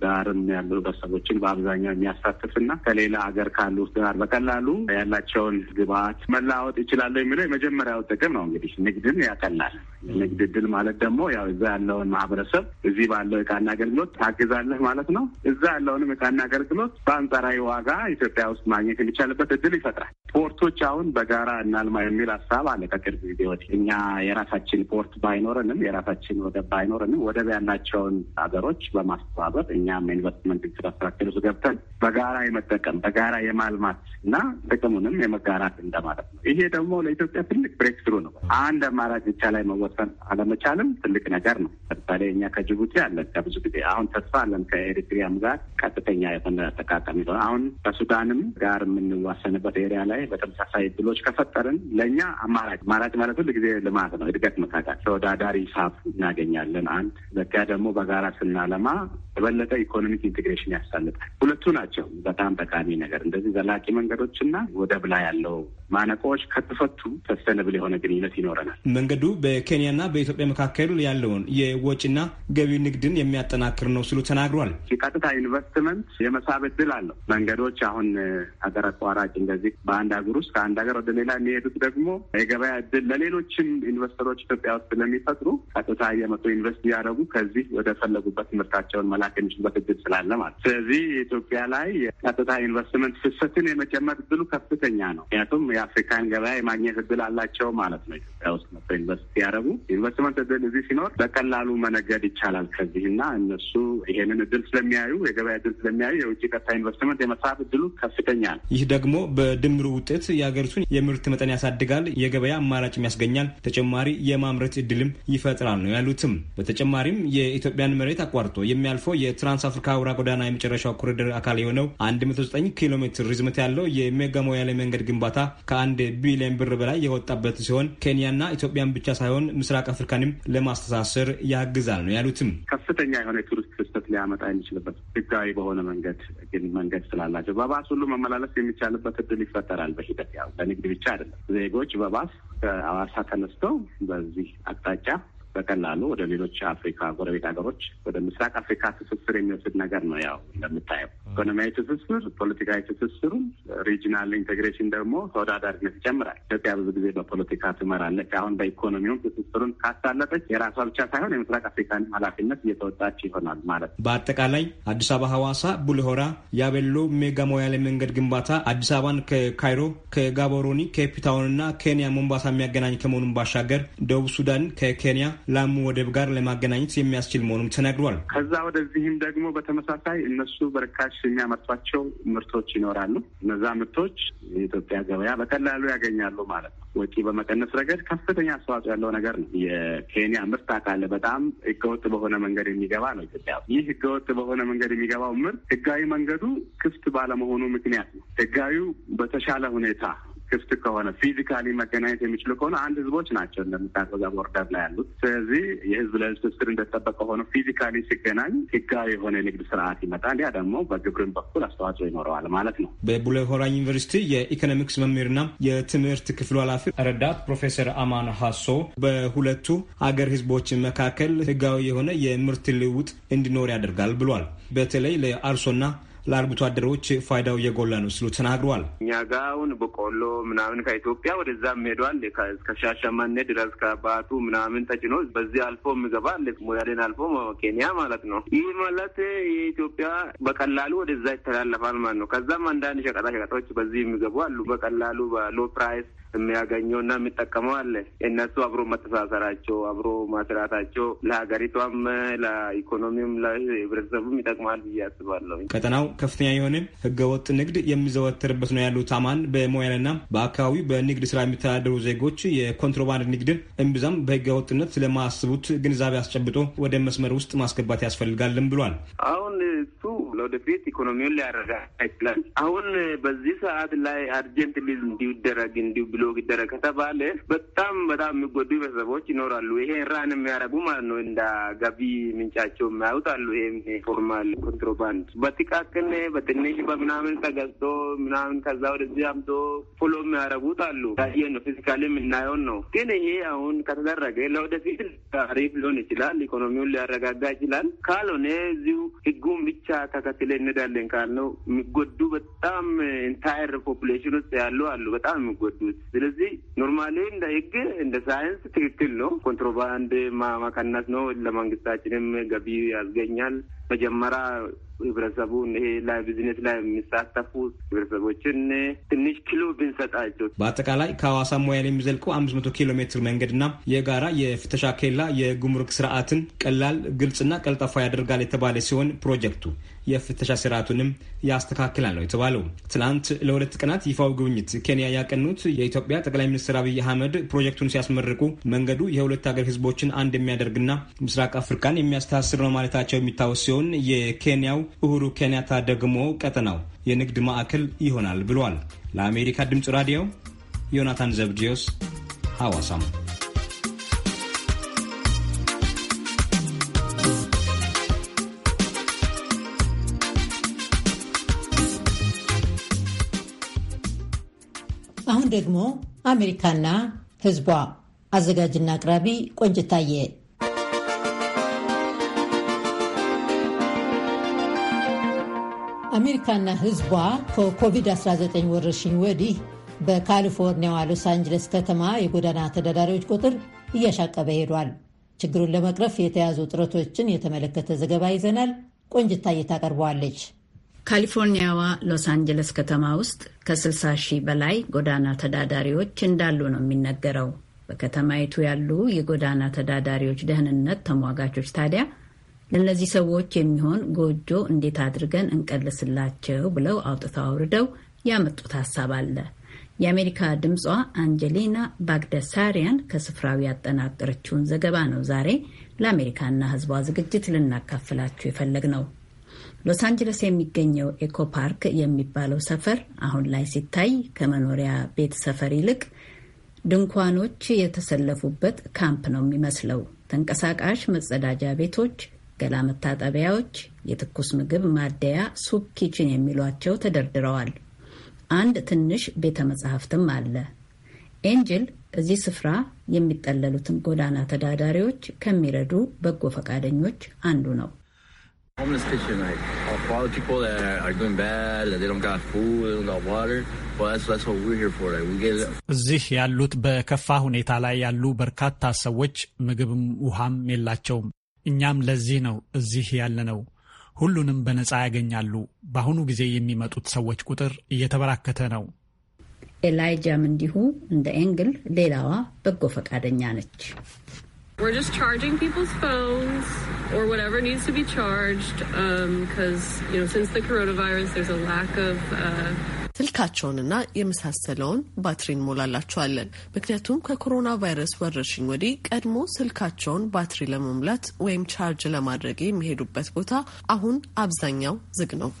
ዳርም ያሉ ህብረተሰቦችን በአብዛኛው የሚያሳትፍና ከሌላ ሀገር ካሉ ጋር በቀላሉ ያላቸውን ግብአት መለዋወጥ ይችላሉ የሚለው የመጀመሪያው ጥቅም ነው። እንግዲህ ንግድን ያቀላል። ንግድ እድል ማለት ደግሞ ያው እዛ ያለውን ማህበረሰብ እዚህ ባለው እቃና አገልግሎት ታግዛለህ ማለት ነው። እዛ ያለውንም እቃና አገልግሎት በአንጻራዊ ዋጋ ኢትዮጵያ ውስጥ ማግኘት የሚቻልበት de Luis Atrás. ፖርቶች አሁን በጋራ እናልማ የሚል ሀሳብ አለ። ከቅርብ ጊዜ ወዲህ እኛ የራሳችን ፖርት ባይኖረንም የራሳችን ወደብ ባይኖረንም ወደብ ያላቸውን ሀገሮች በማስተባበር እኛም ኢንቨስትመንት ኢንፍራስትራክቸር ውስጥ ገብተን በጋራ የመጠቀም በጋራ የማልማት እና ጥቅሙንም የመጋራት እንደማለት ነው። ይሄ ደግሞ ለኢትዮጵያ ትልቅ ብሬክ ትሩ ነው። አንድ አማራጭ ብቻ ላይ መወሰን አለመቻልም ትልቅ ነገር ነው። ለምሳሌ እኛ ከጅቡቲ አለን ከብዙ ጊዜ አሁን ተስፋ አለን ከኤሪትሪያም ጋር ቀጥተኛ የሆነ ጠቃቀሚ አሁን ከሱዳንም ጋር የምንዋሰንበት ኤሪያ ላይ በተመሳሳይ እድሎች ከፈጠርን ለእኛ አማራጭ አማራጭ ማለት ሁል ጊዜ ልማት ነው፣ እድገት መካካል ተወዳዳሪ ሂሳብ እናገኛለን። አንድ በዚያ ደግሞ በጋራ ስናለማ የበለጠ ኢኮኖሚክ ኢንቴግሬሽን ያሳልጣል። ሁለቱ ናቸው በጣም ጠቃሚ ነገር። እንደዚህ ዘላቂ መንገዶችና ወደብ ላይ ያለው ማነቆዎች ከተፈቱ ሰስተንብል የሆነ ግንኙነት ይኖረናል። መንገዱ በኬንያና በኢትዮጵያ መካከል ያለውን የወጪና ገቢ ንግድን የሚያጠናክር ነው ሲሉ ተናግሯል። የቀጥታ ኢንቨስትመንት የመሳብ እድል አለው። መንገዶች አሁን ሀገር አቋራጭ እንደዚህ በአንድ ሀገር ውስጥ ከአንድ ሀገር ወደ ሌላ የሚሄዱት ደግሞ የገበያ እድል ለሌሎችም ኢንቨስተሮች ኢትዮጵያ ውስጥ ስለሚፈጥሩ ቀጥታ እየመጡ ኢንቨስት እያደረጉ ከዚህ ወደ ፈለጉበት ምርታቸውን መላክ የሚችሉበት እድል ስላለ ማለት ስለዚህ ኢትዮጵያ ላይ ቀጥታ ኢንቨስትመንት ፍሰትን የመጨመር እድሉ ከፍተኛ ነው። ምክንያቱም የአፍሪካን ገበያ የማግኘት እድል አላቸው ማለት ነው። ኢትዮጵያ ውስጥ መጥቶ ኢንቨስት ያደረጉ ኢንቨስትመንት እድል እዚህ ሲኖር በቀላሉ መነገድ ይቻላል ከዚህ እና እነሱ ይሄንን እድል ስለሚያዩ የገበያ እድል ስለሚያዩ የውጭ ቀጥታ ኢንቨስትመንት የመስራት እድሉ ከፍተኛ ነው። ይህ ደግሞ በድምሩ ውጤት የሀገሪቱን የምርት መጠን ያሳድጋል፣ የገበያ አማራጭም ያስገኛል፣ ተጨማሪ የማምረት እድልም ይፈጥራል ነው ያሉትም። በተጨማሪም የኢትዮጵያን መሬት አቋርጦ የሚያልፈው የትራንስ አፍሪካ አውራ ጎዳና የመጨረሻው ኮሪደር አካል የሆነው 19 ኪሎ ሜትር ርዝመት ያለው የሜጋ ሞያሌ መንገድ ግንባታ ከአንድ ቢሊዮን ብር በላይ የወጣበት ሲሆን ኬንያና ኢትዮጵያን ብቻ ሳይሆን ምስራቅ አፍሪካንም ለማስተሳሰር ያግዛል ነው ያሉትም። ከፍተኛ የሆነ የቱሪስት ፍሰት ሊያመጣ የሚችልበት ህጋዊ በሆነ መንገድ ግን መንገድ ስላላቸው በባስ ሁሉ መመላለስ የሚቻልበት እድል ይፈጠራል። ይመጣል በሂደት ያው ለንግድ ብቻ አይደለም። ዜጎች በባስ ከአዋሳ ተነስተው በዚህ አቅጣጫ በቀላሉ ወደ ሌሎች አፍሪካ ጎረቤት ሀገሮች ወደ ምስራቅ አፍሪካ ትስስር የሚወስድ ነገር ነው። ያው እንደምታየው ኢኮኖሚያዊ ትስስር፣ ፖለቲካዊ ትስስሩ፣ ሪጂናል ኢንቴግሬሽን ደግሞ ተወዳዳሪነት ይጨምራል። ኢትዮጵያ ብዙ ጊዜ በፖለቲካ ትመራለች። አሁን በኢኮኖሚውም ትስስሩን ካሳለጠች የራሷ ብቻ ሳይሆን የምስራቅ አፍሪካን ኃላፊነት እየተወጣች ይሆናል ማለት ነው። በአጠቃላይ አዲስ አበባ፣ ሐዋሳ፣ ቡልሆራ፣ ያቤሎ፣ ሜጋ ሞያሌ መንገድ ግንባታ አዲስ አበባን ከካይሮ ከጋቦሮኒ፣ ኬፕታውንና ኬንያ ሞምባሳ የሚያገናኝ ከመሆኑን ባሻገር ደቡብ ሱዳን ከኬንያ ላሙ ወደብ ጋር ለማገናኘት የሚያስችል መሆኑም ተነግሯል። ከዛ ወደዚህም ደግሞ በተመሳሳይ እነሱ በርካሽ የሚያመርቷቸው ምርቶች ይኖራሉ። እነዛ ምርቶች የኢትዮጵያ ገበያ በቀላሉ ያገኛሉ ማለት ነው። ወጪ በመቀነስ ረገድ ከፍተኛ አስተዋጽኦ ያለው ነገር ነው። የኬንያ ምርት አካል በጣም ህገወጥ በሆነ መንገድ የሚገባ ነው ኢትዮጵያ። ይህ ህገወጥ በሆነ መንገድ የሚገባው ምርት ህጋዊ መንገዱ ክፍት ባለመሆኑ ምክንያት ነው። ህጋዊው በተሻለ ሁኔታ ክፍት ከሆነ ፊዚካሊ መገናኘት የሚችሉ ከሆነ አንድ ህዝቦች ናቸው እንደምታውቀው በዛ ቦርደር ላይ ያሉት። ስለዚህ የህዝብ ለህዝብ ትስስር እንደተጠበቀ ሆኖ ፊዚካሊ ሲገናኝ ህጋዊ የሆነ የንግድ ስርዓት ይመጣል። ያ ደግሞ በግብርን በኩል አስተዋጽኦ ይኖረዋል ማለት ነው። በቡሌ ዩኒቨርሲቲ የኢኮኖሚክስ መምህርና የትምህርት ክፍሉ ኃላፊ ረዳት ፕሮፌሰር አማን ሀሶ በሁለቱ አገር ህዝቦች መካከል ህጋዊ የሆነ የምርት ልውውጥ እንዲኖር ያደርጋል ብሏል። በተለይ ለአርሶና ለአርብቶ አደሮች ፋይዳው እየጎላ ነው ሲሉ ተናግረዋል። እኛ ጋ አሁን በቆሎ ምናምን ከኢትዮጵያ ወደዛ ሄዷል። ከሻሸመኔ ድረስ ከባቱ ምናምን ተጭኖ በዚህ አልፎ የሚገባ ሞያሌን አልፎ ኬንያ ማለት ነው። ይህ ማለት የኢትዮጵያ በቀላሉ ወደዛ ይተላለፋል ማለት ነው። ከዛም አንዳንድ ሸቀጣ ሸቀጦች በዚህ የሚገቡ አሉ በቀላሉ በሎ ፕራይስ የሚያገኘው እና የሚጠቀመው አለ። እነሱ አብሮ መተሳሰራቸው አብሮ ማስራታቸው ለሀገሪቷም ለኢኮኖሚውም ለህብረተሰቡም ይጠቅማል ብዬ አስባለሁ። ቀጠናው ከፍተኛ የሆነ ህገወጥ ንግድ የሚዘወትርበት ነው ያሉት አማን በሞያንና በአካባቢው በንግድ ስራ የሚተዳደሩ ዜጎች የኮንትሮባንድ ንግድን እምብዛም በህገወጥነት ስለማያስቡት ግንዛቤ አስጨብጦ ወደ መስመር ውስጥ ማስገባት ያስፈልጋልም ብሏል። አሁን እሱ ለወደፊት ኢኮኖሚውን ሊያረጋ ይችላል። አሁን በዚህ ሰዓት ላይ አርጀንት ሊዝ እንዲደረግ እንዲሁ ብሎ ብሎግ ይደረግ ከተባለ በጣም በጣም የሚጎዱ ቤተሰቦች ይኖራሉ። ይሄ ራን የሚያደርጉ ማለት ነው። እንደ ገቢ ምንጫቸው የሚያዩት አሉ። ይሄም ፎርማል ኮንትሮባንድ በጥቃቅን በትንሽ በምናምን ተገዝቶ ምናምን ከዛ ወደዚህ አምቶ ፎሎ የሚያደርጉት አሉ። ይሄ ነው ፊዚካሊ የምናየውን ነው። ግን ይሄ አሁን ከተደረገ ለወደፊት አሪፍ ሊሆን ይችላል። ኢኮኖሚውን ሊያረጋጋ ይችላል። ካልሆነ እዚሁ ህጉን ብቻ ተከትለ እንዳለን ካልነው የሚጎዱ በጣም ኢንታየር ፖፑሌሽን ውስጥ ያሉ አሉ። በጣም የሚጎዱት ስለዚህ ኖርማሊ እንደ ህግ እንደ ሳይንስ ትክክል ነው። ኮንትሮባንድ መቀነስ ነው፣ ለመንግስታችንም ገቢ ያስገኛል። መጀመሪያ ህብረተሰቡን ይሄ ላይ ቢዝነስ ላይ የሚሳተፉ ህብረተሰቦችን ትንሽ ኪሎ ብንሰጣቸው በአጠቃላይ ከሀዋሳ ሞያሌ የሚዘልቀው አምስት መቶ ኪሎ ሜትር መንገድና የጋራ የፍተሻ ኬላ የጉምሩክ ስርዓትን ቀላል ግልጽና ቀልጣፋ ያደርጋል የተባለ ሲሆን ፕሮጀክቱ የፍተሻ ስርዓቱንም ያስተካክላል ነው የተባለው። ትናንት ለሁለት ቀናት ይፋው ጉብኝት ኬንያ ያቀኑት የኢትዮጵያ ጠቅላይ ሚኒስትር አብይ አህመድ ፕሮጀክቱን ሲያስመርቁ መንገዱ የሁለት ሀገር ህዝቦችን አንድ የሚያደርግና ምስራቅ አፍሪካን የሚያስተሳስር ነው ማለታቸው የሚታወስ ሲሆን ሲሆን የኬንያው እሁሩ ኬንያታ ደግሞ ቀጠናው የንግድ ማዕከል ይሆናል ብሏል። ለአሜሪካ ድምፅ ራዲዮ ዮናታን ዘብዲዮስ ሐዋሳም አሁን ደግሞ አሜሪካና ህዝቧ አዘጋጅና አቅራቢ ቆንጅታየ አሜሪካና ሕዝቧ ከኮቪድ-19 ወረርሽኝ ወዲህ በካሊፎርኒያዋ ሎስ አንጅለስ ከተማ የጎዳና ተዳዳሪዎች ቁጥር እያሻቀበ ሄዷል። ችግሩን ለመቅረፍ የተያዙ ጥረቶችን የተመለከተ ዘገባ ይዘናል። ቆንጅታዬ ታቀርበዋለች። ካሊፎርኒያዋ ሎስ አንጀለስ ከተማ ውስጥ ከ60 ሺህ በላይ ጎዳና ተዳዳሪዎች እንዳሉ ነው የሚነገረው። በከተማይቱ ያሉ የጎዳና ተዳዳሪዎች ደህንነት ተሟጋቾች ታዲያ ለእነዚህ ሰዎች የሚሆን ጎጆ እንዴት አድርገን እንቀልስላቸው ብለው አውጥተው አውርደው ያመጡት ሀሳብ አለ። የአሜሪካ ድምጿ አንጀሊና ባግደሳሪያን ከስፍራው ያጠናቀረችውን ዘገባ ነው ዛሬ ለአሜሪካና ሕዝቧ ዝግጅት ልናካፍላችሁ የፈለግ ነው። ሎስ አንጀለስ የሚገኘው ኤኮ ፓርክ የሚባለው ሰፈር አሁን ላይ ሲታይ ከመኖሪያ ቤት ሰፈር ይልቅ ድንኳኖች የተሰለፉበት ካምፕ ነው የሚመስለው። ተንቀሳቃሽ መጸዳጃ ቤቶች፣ የገላ መታጠቢያዎች፣ የትኩስ ምግብ ማደያ፣ ሱፕ ኪችን የሚሏቸው ተደርድረዋል። አንድ ትንሽ ቤተ መጻሕፍትም አለ። ኤንጅል እዚህ ስፍራ የሚጠለሉትን ጎዳና ተዳዳሪዎች ከሚረዱ በጎ ፈቃደኞች አንዱ ነው። እዚህ ያሉት በከፋ ሁኔታ ላይ ያሉ በርካታ ሰዎች ምግብም ውሃም የላቸውም። እኛም ለዚህ ነው እዚህ ያለነው። ሁሉንም በነፃ ያገኛሉ። በአሁኑ ጊዜ የሚመጡት ሰዎች ቁጥር እየተበራከተ ነው። ኤላይጃም እንዲሁ እንደ ኤንግል ሌላዋ በጎ ፈቃደኛ ነች። ስ ስልካቸውንና የመሳሰለውን ባትሪ እንሞላላቸዋለን። ምክንያቱም ከኮሮና ቫይረስ ወረርሽኝ ወዲህ ቀድሞ ስልካቸውን ባትሪ ለመሙላት ወይም ቻርጅ ለማድረግ የሚሄዱበት ቦታ አሁን አብዛኛው ዝግ ነው።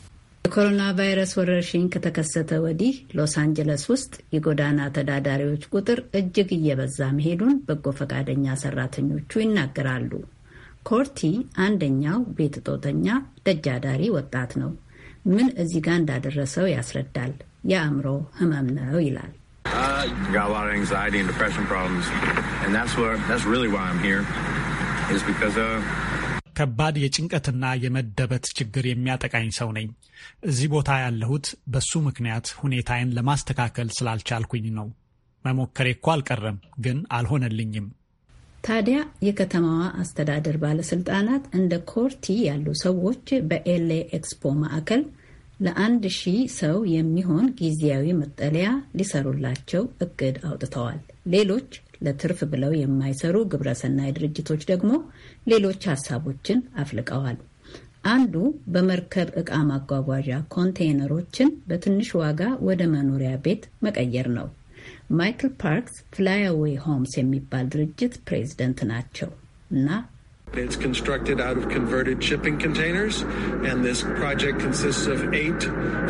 የኮሮና ቫይረስ ወረርሽኝ ከተከሰተ ወዲህ ሎስ አንጀለስ ውስጥ የጎዳና ተዳዳሪዎች ቁጥር እጅግ እየበዛ መሄዱን በጎ ፈቃደኛ ሰራተኞቹ ይናገራሉ። ኮርቲ አንደኛው ቤት ጦተኛ ደጃዳሪ ወጣት ነው። ምን እዚህ ጋር እንዳደረሰው ያስረዳል። የአእምሮ ህመም ነው ይላል። uh, ከባድ የጭንቀትና የመደበት ችግር የሚያጠቃኝ ሰው ነኝ። እዚህ ቦታ ያለሁት በሱ ምክንያት ሁኔታዬን ለማስተካከል ስላልቻልኩኝ ነው። መሞከሬ እኮ አልቀረም፣ ግን አልሆነልኝም። ታዲያ የከተማዋ አስተዳደር ባለስልጣናት እንደ ኮርቲ ያሉ ሰዎች በኤልኤ ኤክስፖ ማዕከል ለአንድ ሺህ ሰው የሚሆን ጊዜያዊ መጠለያ ሊሰሩላቸው እቅድ አውጥተዋል። ሌሎች ለትርፍ ብለው የማይሰሩ ግብረሰናይ ድርጅቶች ደግሞ ሌሎች ሀሳቦችን አፍልቀዋል። አንዱ በመርከብ ዕቃ ማጓጓዣ ኮንቴይነሮችን በትንሽ ዋጋ ወደ መኖሪያ ቤት መቀየር ነው። ማይክል ፓርክስ ፍላይአዌይ ሆምስ የሚባል ድርጅት ፕሬዚደንት ናቸው እና It's constructed out of converted shipping containers, and this project consists of eight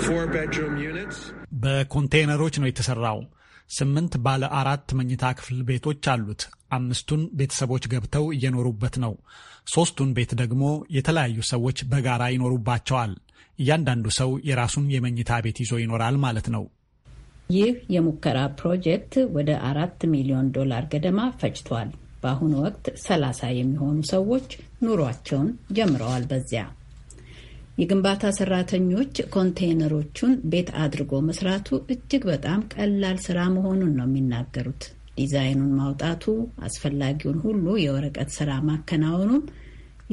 four-bedroom units. በኮንቴይነሮች ነው የተሰራው። ስምንት ባለ አራት መኝታ ክፍል ቤቶች አሉት። አምስቱን ቤተሰቦች ገብተው እየኖሩበት ነው። ሦስቱን ቤት ደግሞ የተለያዩ ሰዎች በጋራ ይኖሩባቸዋል። እያንዳንዱ ሰው የራሱን የመኝታ ቤት ይዞ ይኖራል ማለት ነው። ይህ የሙከራ ፕሮጀክት ወደ አራት ሚሊዮን ዶላር ገደማ ፈጅቷል። በአሁኑ ወቅት ሰላሳ የሚሆኑ ሰዎች ኑሯቸውን ጀምረዋል። በዚያ የግንባታ ሰራተኞች ኮንቴይነሮቹን ቤት አድርጎ መስራቱ እጅግ በጣም ቀላል ስራ መሆኑን ነው የሚናገሩት። ዲዛይኑን ማውጣቱ፣ አስፈላጊውን ሁሉ የወረቀት ስራ ማከናወኑም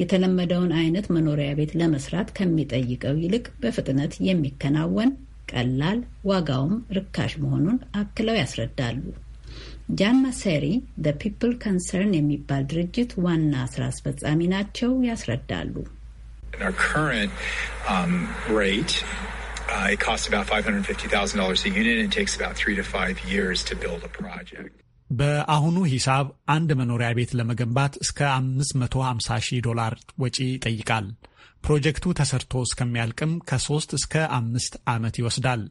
የተለመደውን አይነት መኖሪያ ቤት ለመስራት ከሚጠይቀው ይልቅ በፍጥነት የሚከናወን ቀላል፣ ዋጋውም ርካሽ መሆኑን አክለው ያስረዳሉ። ጃን ማሴሪ በፒፕል ከንሰርን የሚባል ድርጅት ዋና ስራ አስፈጻሚ ናቸው። ያስረዳሉ። በአሁኑ ሂሳብ አንድ መኖሪያ ቤት ለመገንባት እስከ 550 ሺህ ዶላር ወጪ ይጠይቃል። ፕሮጀክቱ ተሰርቶ እስከሚያልቅም ከሶስት እስከ አምስት ዓመት ይወስዳል።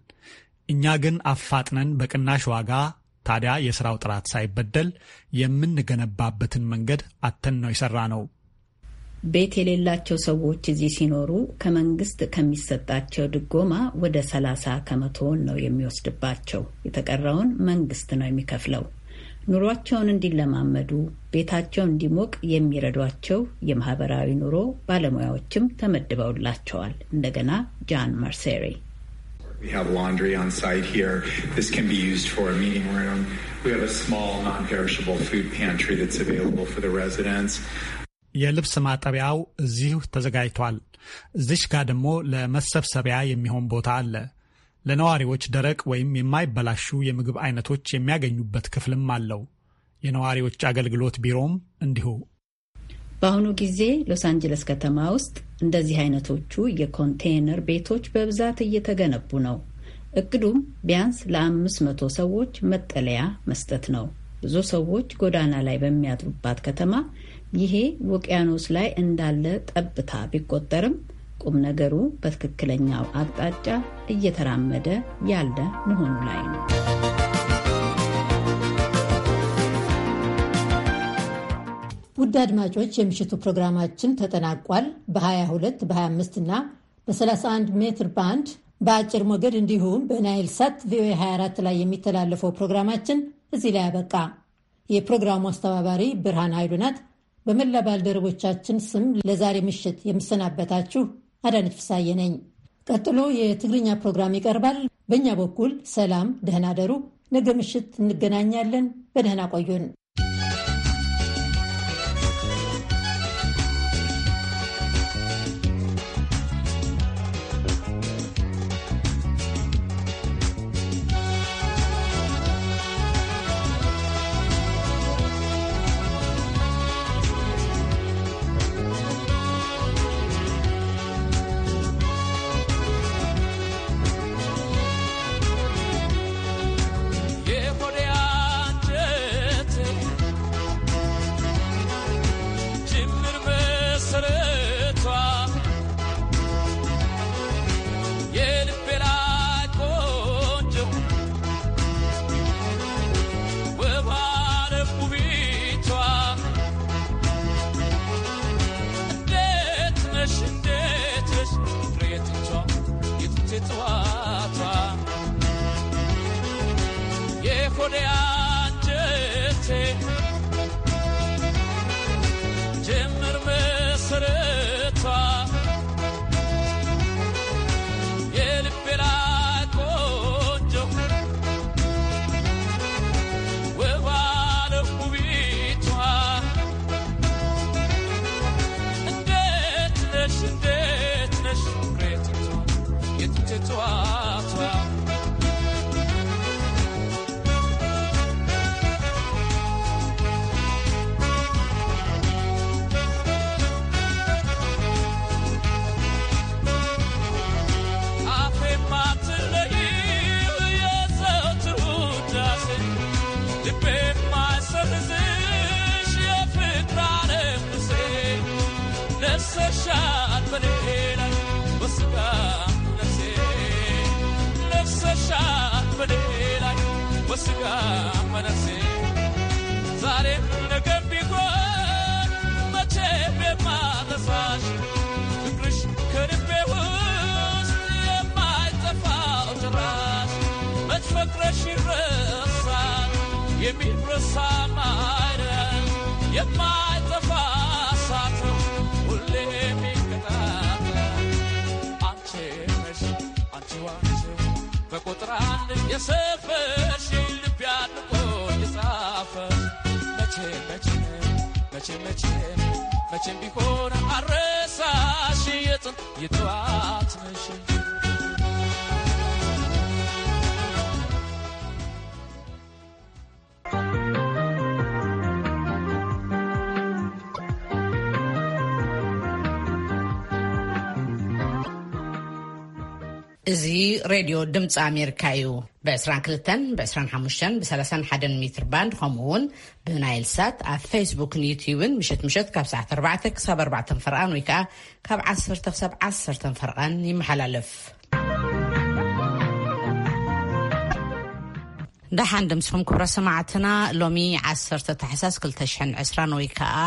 እኛ ግን አፋጥነን በቅናሽ ዋጋ ታዲያ የሥራው ጥራት ሳይበደል የምንገነባበትን መንገድ አተን ነው የሠራ ነው። ቤት የሌላቸው ሰዎች እዚህ ሲኖሩ ከመንግስት ከሚሰጣቸው ድጎማ ወደ 30 ከመቶውን ነው የሚወስድባቸው። የተቀረውን መንግስት ነው የሚከፍለው። ኑሯቸውን እንዲለማመዱ ቤታቸው እንዲሞቅ የሚረዷቸው የማህበራዊ ኑሮ ባለሙያዎችም ተመድበውላቸዋል። እንደገና ጃን መርሴሪ የልብስ ማጠቢያው እዚሁ ተዘጋጅቷል። እዚሽ ጋር ደግሞ ለመሰብሰቢያ የሚሆን ቦታ አለ። ለነዋሪዎች ደረቅ ወይም የማይበላሹ የምግብ አይነቶች የሚያገኙበት ክፍልም አለው። የነዋሪዎች አገልግሎት ቢሮም እንዲሁ። በአሁኑ ጊዜ ሎስ አንጀለስ ከተማ ውስጥ እንደዚህ አይነቶቹ የኮንቴይነር ቤቶች በብዛት እየተገነቡ ነው። እቅዱም ቢያንስ ለአምስት መቶ ሰዎች መጠለያ መስጠት ነው። ብዙ ሰዎች ጎዳና ላይ በሚያድሩባት ከተማ ይሄ ውቅያኖስ ላይ እንዳለ ጠብታ ቢቆጠርም ቁም ነገሩ በትክክለኛው አቅጣጫ እየተራመደ ያለ መሆኑ ላይ ነው። ውድ አድማጮች የምሽቱ ፕሮግራማችን ተጠናቋል። በ22 በ25 እና በ31 ሜትር ባንድ በአጭር ሞገድ እንዲሁም በናይል ሳት ቪኦኤ 24 ላይ የሚተላለፈው ፕሮግራማችን እዚህ ላይ አበቃ። የፕሮግራሙ አስተባባሪ ብርሃን ኃይሉ ናት። በመላ ባልደረቦቻችን ስም ለዛሬ ምሽት የምሰናበታችሁ አዳነች ፍሳዬ ነኝ። ቀጥሎ የትግርኛ ፕሮግራም ይቀርባል። በእኛ በኩል ሰላም፣ ደህና ደሩ ነገ ምሽት እንገናኛለን። በደህና ቆዩን። የሚረሳ ማይረም የማይጠፋ እሳት ሁሌ የሚቀጣጠል አንቺ ነሽ አንቺዋ በቁጥር አንድ የሰፈርሽ ልብ ያልቆኝ የጻፈ መቼ መቼም መቼ መቼም መቼም ቢሆን አረሳሽ የጥንት የጠዋት ነሽ እዚ ሬድዮ ድምፂ ኣሜሪካ እዩ ብ22 ብ25 ብ31 ሜትር ባንድ ከምኡ ውን ብናይል ሳት ኣብ ፌስቡክን ዩትብን ምሸት ምሸት ካብ ሰዓት 4 ክሳብ 4 ፈርቓን ወይ ከዓ ካብ 1 ሰ ክሳብ 1 ሰ ፈርቓን ይመሓላለፍ ዳሓን ድምስኩም ክብረ ሰማዕትና ሎሚ 1 ታሕሳስ 220 ወይ ከዓ